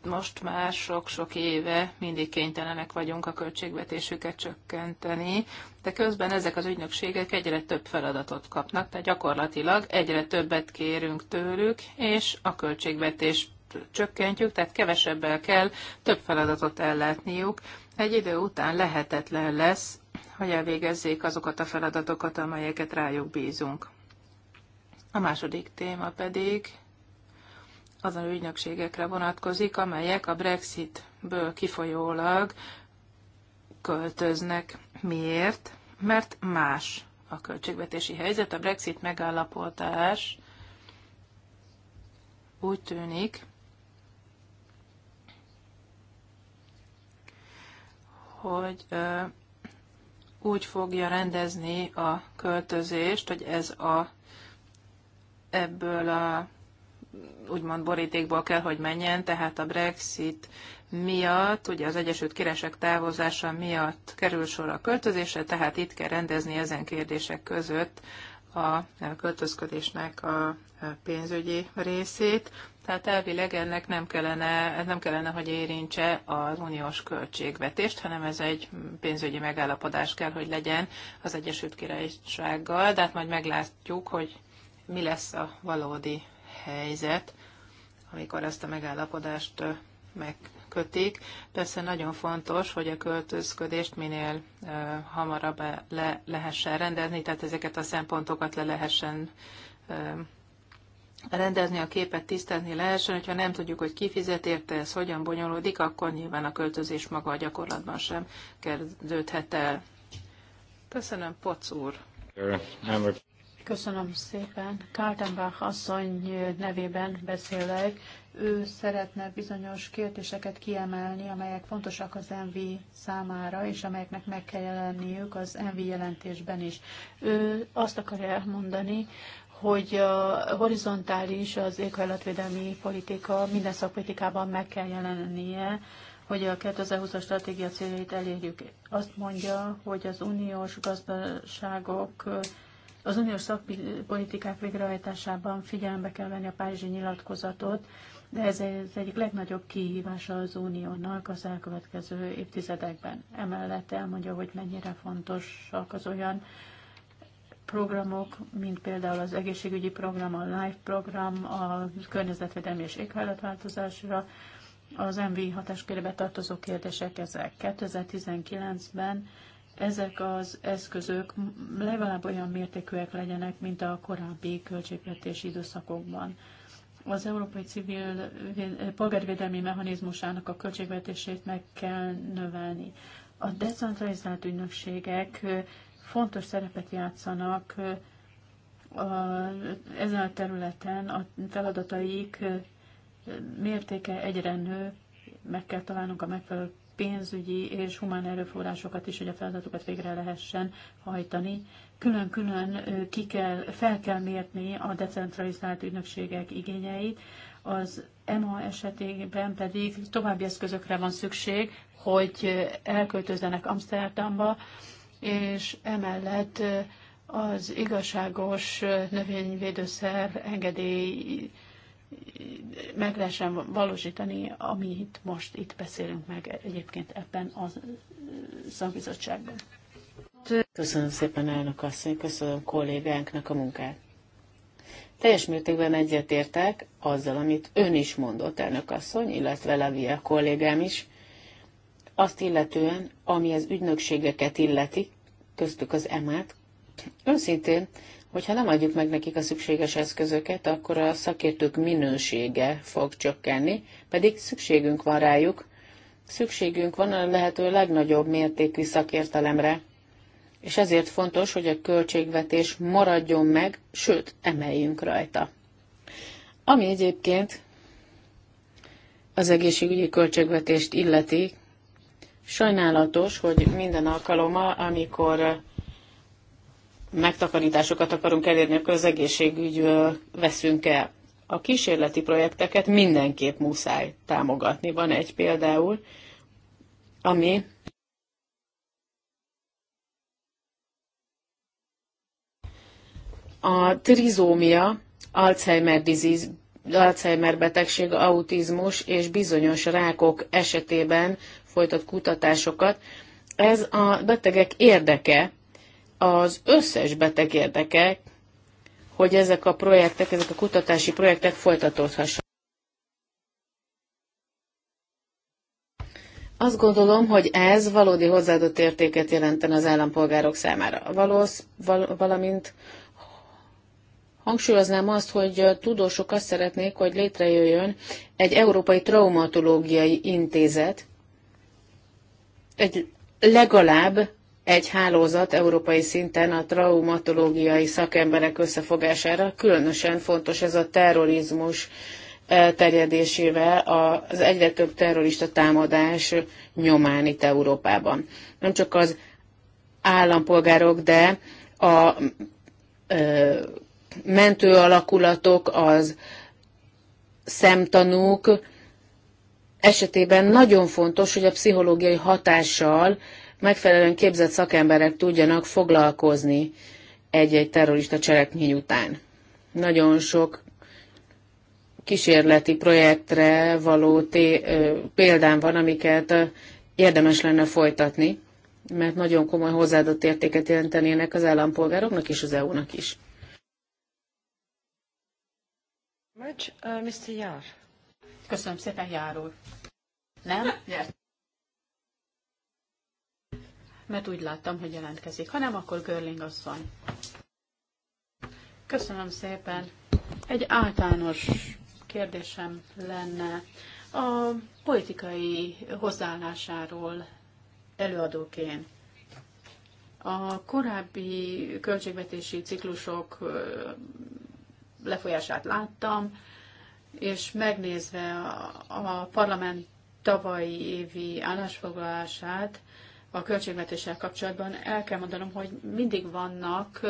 most már sok-sok éve mindig kénytelenek vagyunk a költségvetésüket csökkenteni, de közben ezek az ügynökségek egyre több feladatot kapnak, tehát gyakorlatilag egyre többet kérünk tőlük, és a költségvetés csökkentjük, tehát kevesebbel kell több feladatot ellátniuk. Egy idő után lehetetlen lesz, hogy elvégezzék azokat a feladatokat, amelyeket rájuk bízunk. A második téma pedig azon ügynökségekre vonatkozik, amelyek a Brexitből kifolyólag költöznek. Miért? Mert más a költségvetési helyzet. A Brexit megállapodás úgy tűnik, hogy úgy fogja rendezni a költözést, hogy ez a ebből a úgymond borítékból kell, hogy menjen, tehát a Brexit miatt, ugye az Egyesült Királyság távozása miatt kerül sor a költözésre, tehát itt kell rendezni ezen kérdések között a költözködésnek a pénzügyi részét. Tehát elvileg ennek nem kellene, nem kellene, hogy érintse az uniós költségvetést, hanem ez egy pénzügyi megállapodás kell, hogy legyen az Egyesült Királysággal, de hát majd meglátjuk, hogy mi lesz a valódi helyzet, amikor ezt a megállapodást megkötik. Persze nagyon fontos, hogy a költözködést minél hamarabb e, le lehessen rendezni, tehát ezeket a szempontokat le lehessen rendezni a képet, tisztázni lehessen, hogyha nem tudjuk, hogy ki fizet érte, ez hogyan bonyolódik, akkor nyilván a költözés maga a gyakorlatban sem kezdődhet el. Köszönöm, Poc úr. Köszönöm szépen. Kártenbach asszony nevében beszélek. Ő szeretne bizonyos kérdéseket kiemelni, amelyek fontosak az MV számára, és amelyeknek meg kell jelenniük az MV jelentésben is. Ő azt akarja elmondani, hogy a horizontális az éghajlatvédelmi politika minden szakpolitikában meg kell jelennie, hogy a 2020-as stratégia céljait elérjük. Azt mondja, hogy az uniós gazdaságok az uniós szakpolitikák végrehajtásában figyelembe kell venni a Párizsi nyilatkozatot, de ez az egyik legnagyobb kihívása az uniónak az elkövetkező évtizedekben. Emellett elmondja, hogy mennyire fontosak az olyan programok, mint például az egészségügyi program, a LIFE program, a környezetvédelmi és éghajlatváltozásra, az MV hatáskörébe tartozó kérdések ezek. 2019-ben ezek az eszközök legalább olyan mértékűek legyenek, mint a korábbi költségvetési időszakokban. Az Európai Civil Polgárvédelmi Mechanizmusának a költségvetését meg kell növelni. A decentralizált ügynökségek fontos szerepet játszanak a, ezen a területen, a feladataik mértéke egyre nő, meg kell találnunk a megfelelő pénzügyi és humán erőforrásokat is, hogy a feladatokat végre lehessen hajtani. Külön-külön ki kell, fel kell mérni a decentralizált ügynökségek igényeit, az EMA esetében pedig további eszközökre van szükség, hogy elköltözzenek Amsterdamba, és emellett az igazságos növényvédőszer engedély meg lehessen valósítani, amit most itt beszélünk meg egyébként ebben a szakbizottságban. Köszönöm szépen, elnök asszony, köszönöm kollégánknak a munkát. Teljes mértékben egyetértek azzal, amit ön is mondott, elnök asszony, illetve Levia kollégám is, azt illetően, ami az ügynökségeket illeti, köztük az emát. Őszintén Hogyha nem adjuk meg nekik a szükséges eszközöket, akkor a szakértők minősége fog csökkenni, pedig szükségünk van rájuk, szükségünk van a lehető legnagyobb mértékű szakértelemre. És ezért fontos, hogy a költségvetés maradjon meg, sőt, emeljünk rajta. Ami egyébként az egészségügyi költségvetést illeti, sajnálatos, hogy minden alkalommal, amikor megtakarításokat akarunk elérni, akkor az egészségügyből veszünk el. A kísérleti projekteket mindenképp muszáj támogatni. Van egy például, ami a trizómia, Alzheimer disease, Alzheimer betegség, autizmus és bizonyos rákok esetében folytat kutatásokat. Ez a betegek érdeke, az összes beteg érdeke, hogy ezek a projektek, ezek a kutatási projektek folytatódhassanak. Azt gondolom, hogy ez valódi hozzáadott értéket jelenten az állampolgárok számára. Valósz, val, valamint hangsúlyoznám azt, hogy tudósok azt szeretnék, hogy létrejöjjön egy Európai Traumatológiai Intézet, egy legalább egy hálózat európai szinten a traumatológiai szakemberek összefogására. Különösen fontos ez a terrorizmus eh, terjedésével az egyre több terrorista támadás nyomán itt Európában. Nem csak az állampolgárok, de a ö, eh, mentő alakulatok, az szemtanúk esetében nagyon fontos, hogy a pszichológiai hatással megfelelően képzett szakemberek tudjanak foglalkozni egy-egy terrorista cselekmény után. Nagyon sok kísérleti projektre való té- példán van, amiket érdemes lenne folytatni, mert nagyon komoly hozzáadott értéket jelentenének az állampolgároknak és az EU-nak is. Mr. Uh, Jár. Köszönöm szépen, Jár úr. Nem? Nyert mert úgy láttam, hogy jelentkezik. Ha nem, akkor Görling asszony. Köszönöm szépen. Egy általános kérdésem lenne a politikai hozzáállásáról előadóként. A korábbi költségvetési ciklusok lefolyását láttam, és megnézve a parlament tavalyi évi állásfoglalását, a költségvetéssel kapcsolatban el kell mondanom, hogy mindig vannak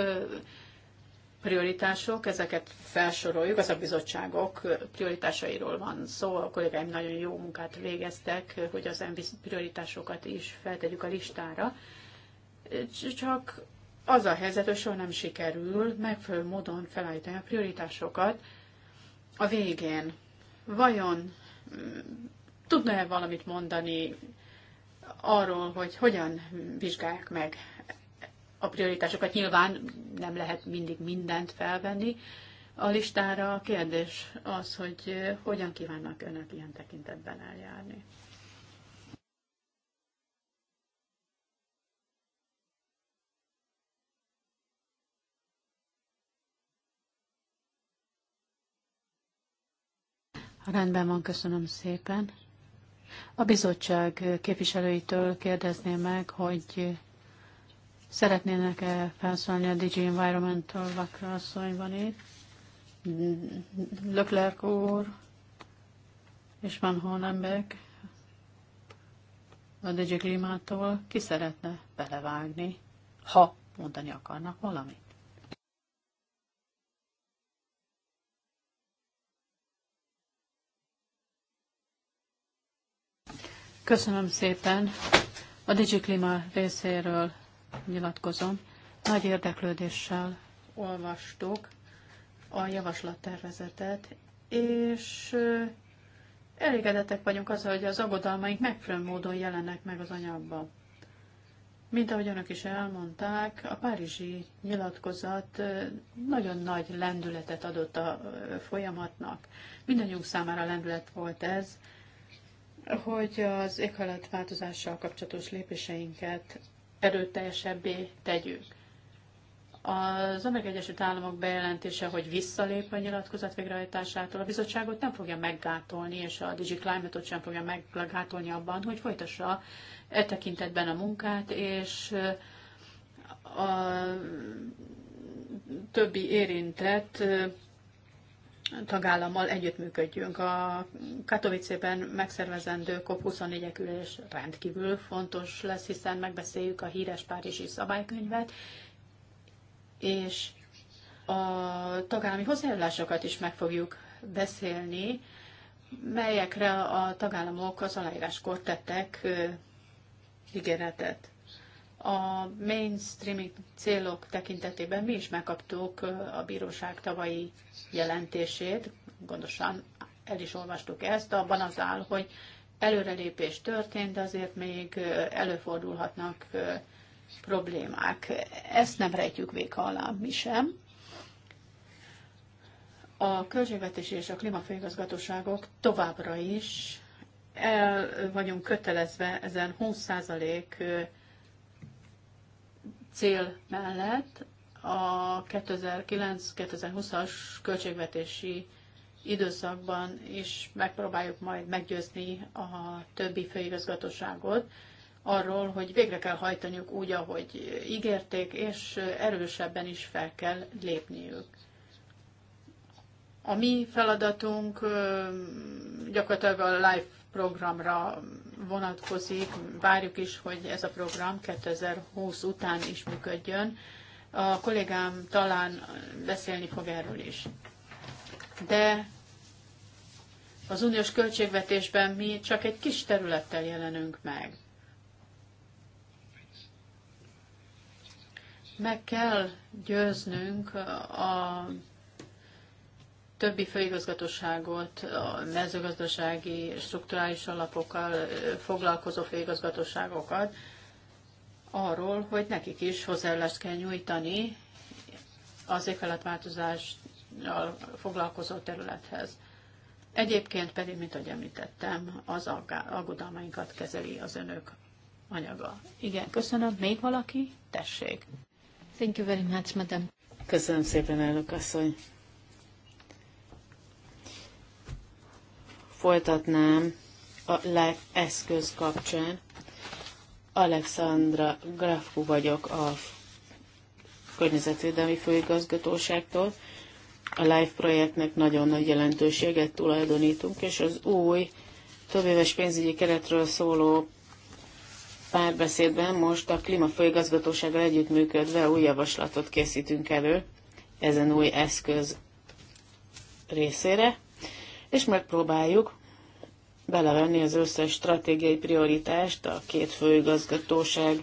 prioritások, ezeket felsoroljuk, az a bizottságok prioritásairól van szó, a kollégáim nagyon jó munkát végeztek, hogy az MV prioritásokat is feltegyük a listára, csak az a helyzet, hogy soha nem sikerül megfelelő módon felállítani a prioritásokat a végén. Vajon mm, tudna-e valamit mondani arról, hogy hogyan vizsgálják meg a prioritásokat. Nyilván nem lehet mindig mindent felvenni a listára. A kérdés az, hogy hogyan kívánnak önök ilyen tekintetben eljárni. Rendben van, köszönöm szépen. A bizottság képviselőitől kérdezném meg, hogy szeretnének-e felszólni a Digi Environmental Vakra asszony van itt. Leclerc úr és Van Hollenbeck a Digi Klimától ki szeretne belevágni, ha mondani akarnak valamit. Köszönöm szépen. A Digi Klima részéről nyilatkozom. Nagy érdeklődéssel olvastuk a javaslattervezetet, és elégedettek vagyunk azzal, hogy az aggodalmaink megfelelő módon jelennek meg az anyagban. Mint ahogy önök is elmondták, a párizsi nyilatkozat nagyon nagy lendületet adott a folyamatnak. Mindannyiunk számára lendület volt ez, hogy az éghajlatváltozással kapcsolatos lépéseinket erőteljesebbé tegyük. Az Amerikai Egyesült Államok bejelentése, hogy visszalép a nyilatkozat végrehajtásától, a bizottságot nem fogja meggátolni, és a Digi Climate-ot sem fogja meggátolni abban, hogy folytassa e tekintetben a munkát, és a többi érintett tagállammal együttműködjünk. A Katowice-ben megszervezendő COP24 ülés rendkívül fontos lesz, hiszen megbeszéljük a híres Párizsi szabálykönyvet, és a tagállami hozzájárulásokat is meg fogjuk beszélni, melyekre a tagállamok az aláíráskor tettek ígéretet. A mainstreaming célok tekintetében mi is megkaptuk a bíróság tavalyi jelentését, gondosan el is olvastuk ezt, abban az áll, hogy előrelépés történt, de azért még előfordulhatnak problémák. Ezt nem rejtjük véka alá mi sem. A költségvetési és a klímafőigazgatóságok továbbra is el vagyunk kötelezve ezen 20% cél mellett a 2009-2020-as költségvetési időszakban is megpróbáljuk majd meggyőzni a többi főigazgatóságot arról, hogy végre kell hajtaniuk úgy, ahogy ígérték, és erősebben is fel kell lépniük. A mi feladatunk gyakorlatilag a life programra vonatkozik. Várjuk is, hogy ez a program 2020 után is működjön. A kollégám talán beszélni fog erről is. De az uniós költségvetésben mi csak egy kis területtel jelenünk meg. Meg kell győznünk a többi főigazgatóságot, a mezőgazdasági, strukturális alapokkal foglalkozó főigazgatóságokat arról, hogy nekik is hozzáállást kell nyújtani az éghajlatváltozással foglalkozó területhez. Egyébként pedig, mint ahogy említettem, az aggodalmainkat kezeli az önök anyaga. Igen, köszönöm. Még valaki? Tessék. Thank you very much, madam. Köszönöm szépen, elnök asszony. folytatnám a eszköz kapcsán. Alexandra Grafku vagyok a Környezetvédelmi Főigazgatóságtól. A LIFE projektnek nagyon nagy jelentőséget tulajdonítunk, és az új többéves pénzügyi keretről szóló párbeszédben most a klímafőigazgatósággal együttműködve új javaslatot készítünk elő ezen új eszköz részére és megpróbáljuk belevenni az összes stratégiai prioritást a két főigazgatóság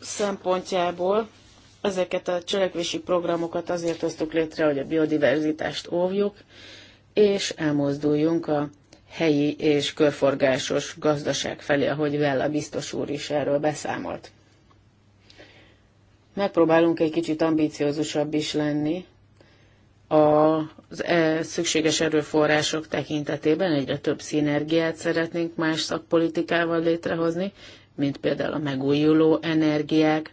szempontjából. Ezeket a cselekvési programokat azért hoztuk létre, hogy a biodiverzitást óvjuk, és elmozduljunk a helyi és körforgásos gazdaság felé, ahogy Vella biztos úr is erről beszámolt. Megpróbálunk egy kicsit ambíciózusabb is lenni, az e szükséges erőforrások tekintetében egyre több szinergiát szeretnénk más szakpolitikával létrehozni, mint például a megújuló energiák,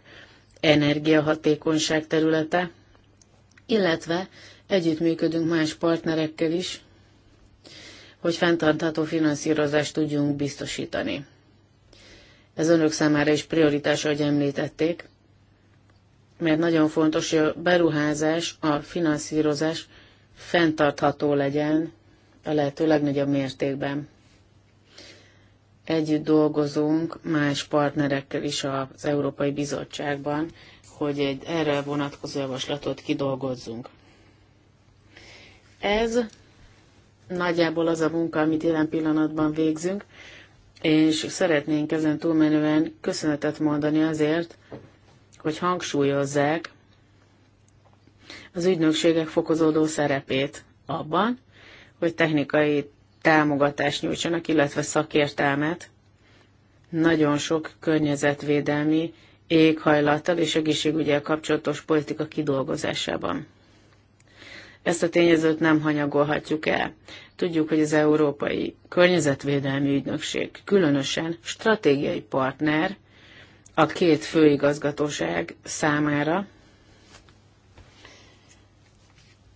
energiahatékonyság területe, illetve együttműködünk más partnerekkel is, hogy fenntartható finanszírozást tudjunk biztosítani. Ez önök számára is prioritás, ahogy említették, mert nagyon fontos, hogy a beruházás, a finanszírozás fenntartható legyen a lehető legnagyobb mértékben. Együtt dolgozunk más partnerekkel is az Európai Bizottságban, hogy egy erre vonatkozó javaslatot kidolgozzunk. Ez nagyjából az a munka, amit jelen pillanatban végzünk, és szeretnénk ezen túlmenően köszönetet mondani azért, hogy hangsúlyozzák az ügynökségek fokozódó szerepét abban, hogy technikai támogatást nyújtsanak, illetve szakértelmet nagyon sok környezetvédelmi, éghajlattal és egészségügyel kapcsolatos politika kidolgozásában. Ezt a tényezőt nem hanyagolhatjuk el. Tudjuk, hogy az Európai Környezetvédelmi Ügynökség különösen stratégiai partner a két főigazgatóság számára.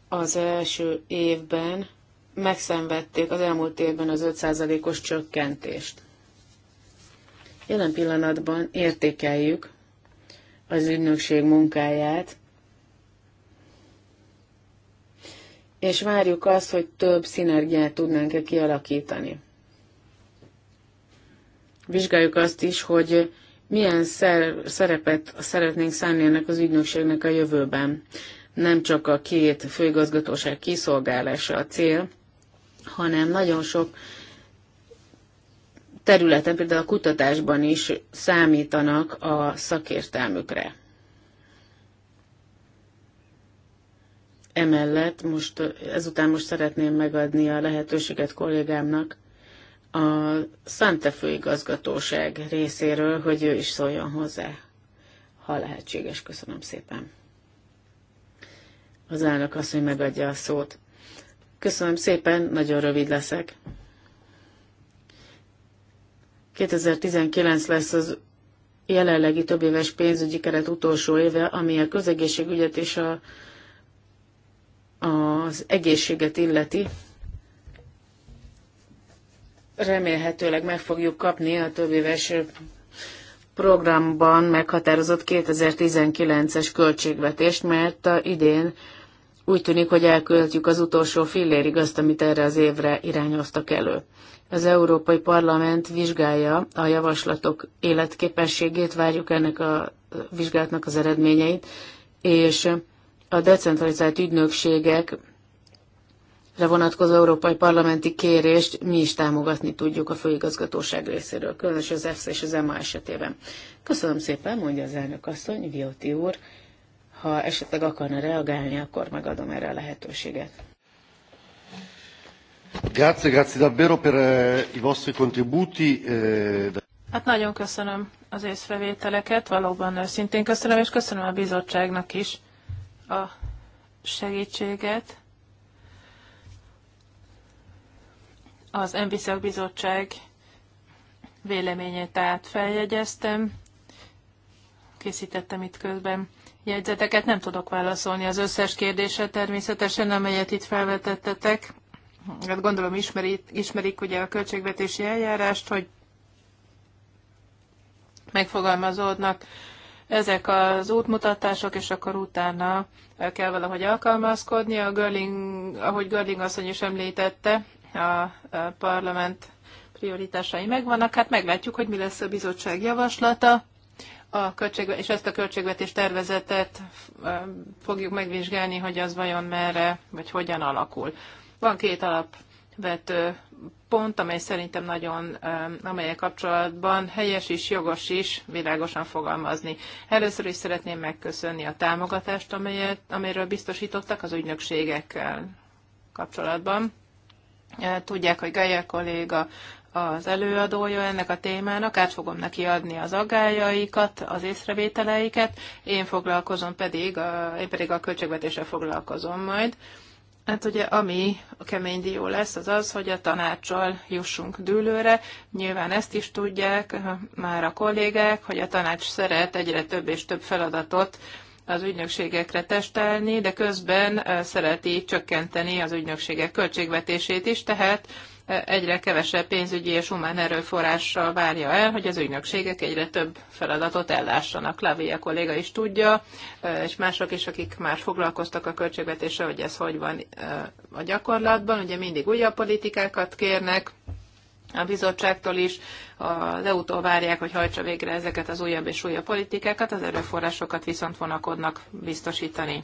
Az első évben megszenvedték az elmúlt évben az 5%-os csökkentést. Jelen pillanatban értékeljük az ügynökség munkáját, és várjuk azt, hogy több szinergiát tudnánk-e kialakítani. Vizsgáljuk azt is, hogy milyen szerepet szeretnénk szánni ennek az ügynökségnek a jövőben. Nem csak a két főigazgatóság kiszolgálása a cél, hanem nagyon sok területen, például a kutatásban is számítanak a szakértelmükre. Emellett most, ezután most szeretném megadni a lehetőséget kollégámnak, a Fe főigazgatóság részéről, hogy ő is szóljon hozzá, ha lehetséges. Köszönöm szépen. Az elnök azt, hogy megadja a szót. Köszönöm szépen, nagyon rövid leszek. 2019 lesz az jelenlegi éves pénzügyi keret utolsó éve, ami a közegészségügyet és a, az egészséget illeti remélhetőleg meg fogjuk kapni a több éves programban meghatározott 2019-es költségvetést, mert a idén úgy tűnik, hogy elköltjük az utolsó fillérig azt, amit erre az évre irányoztak elő. Az Európai Parlament vizsgálja a javaslatok életképességét, várjuk ennek a vizsgálatnak az eredményeit, és a decentralizált ügynökségek vonatkozó európai parlamenti kérést mi is támogatni tudjuk a főigazgatóság részéről, különösen az EFSZ és az EMA esetében. Köszönöm szépen, mondja az elnök asszony, Vioti úr. Ha esetleg akarna reagálni, akkor megadom erre a lehetőséget. Grazie, grazie davvero per eh, i vostri contributi. Eh, hát nagyon köszönöm az észrevételeket, valóban szintén köszönöm, és köszönöm a bizottságnak is a segítséget az MVSZAK bizottság véleményét át feljegyeztem, készítettem itt közben jegyzeteket, nem tudok válaszolni az összes kérdésre természetesen, amelyet itt felvetettetek. Hát gondolom ismerik, ismerik ugye a költségvetési eljárást, hogy megfogalmazódnak ezek az útmutatások, és akkor utána kell valahogy alkalmazkodni. A Görling, ahogy Görling asszony is említette, a parlament prioritásai megvannak. Hát meglátjuk, hogy mi lesz a bizottság javaslata. A költség, és ezt a költségvetés tervezetet fogjuk megvizsgálni, hogy az vajon merre, vagy hogyan alakul. Van két alapvető pont, amely szerintem nagyon, amelyek kapcsolatban helyes is, jogos is világosan fogalmazni. Először is szeretném megköszönni a támogatást, amelyet, amiről biztosítottak az ügynökségekkel kapcsolatban Tudják, hogy Gaia kolléga az előadója ennek a témának, át fogom neki adni az aggájaikat, az észrevételeiket, én foglalkozom pedig, a, én pedig a költségvetéssel foglalkozom majd. Hát ugye ami a kemény dió lesz, az az, hogy a tanácssal jussunk dőlőre. Nyilván ezt is tudják már a kollégák, hogy a tanács szeret egyre több és több feladatot az ügynökségekre testelni, de közben szereti csökkenteni az ügynökségek költségvetését is, tehát egyre kevesebb pénzügyi és humán erőforrással várja el, hogy az ügynökségek egyre több feladatot ellássanak. Lavia kolléga is tudja, és mások is, akik már foglalkoztak a költségvetéssel, hogy ez hogy van a gyakorlatban. Ugye mindig újabb politikákat kérnek, a bizottságtól is, az EU-tól várják, hogy hajtsa végre ezeket az újabb és újabb politikákat, az erőforrásokat viszont vonakodnak biztosítani.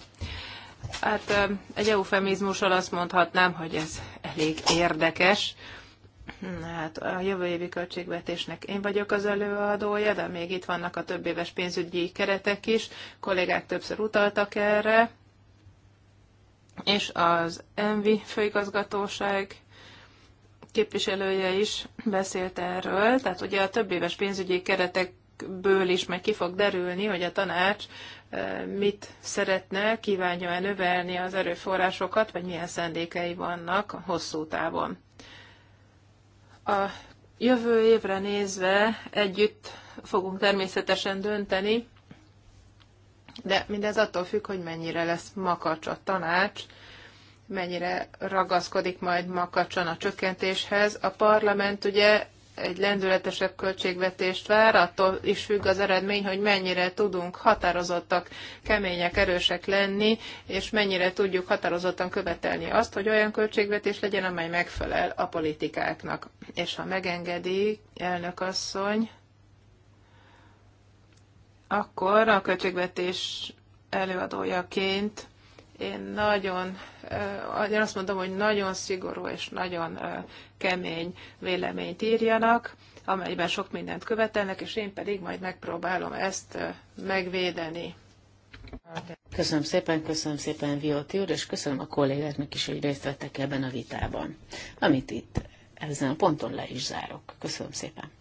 Hát egy eufemizmussal azt mondhatnám, hogy ez elég érdekes. Hát a jövő évi költségvetésnek én vagyok az előadója, de még itt vannak a több éves pénzügyi keretek is. Kollégák többször utaltak erre. És az ENVI főigazgatóság képviselője is beszélt erről, tehát ugye a több éves pénzügyi keretekből is meg ki fog derülni, hogy a tanács eh, mit szeretne, kívánja-e növelni az erőforrásokat, vagy milyen szendékei vannak a hosszú távon. A jövő évre nézve együtt fogunk természetesen dönteni, de mindez attól függ, hogy mennyire lesz makacs a tanács, mennyire ragaszkodik majd makacsan a csökkentéshez. A parlament ugye egy lendületesebb költségvetést vár, attól is függ az eredmény, hogy mennyire tudunk határozottak, kemények, erősek lenni, és mennyire tudjuk határozottan követelni azt, hogy olyan költségvetés legyen, amely megfelel a politikáknak. És ha megengedi, elnök asszony, akkor a költségvetés előadójaként én nagyon, én azt mondom, hogy nagyon szigorú és nagyon kemény véleményt írjanak, amelyben sok mindent követelnek, és én pedig majd megpróbálom ezt megvédeni. Köszönöm szépen, köszönöm szépen Vioti úr, és köszönöm a kollégáknak is, hogy részt vettek ebben a vitában, amit itt ezen a ponton le is zárok. Köszönöm szépen.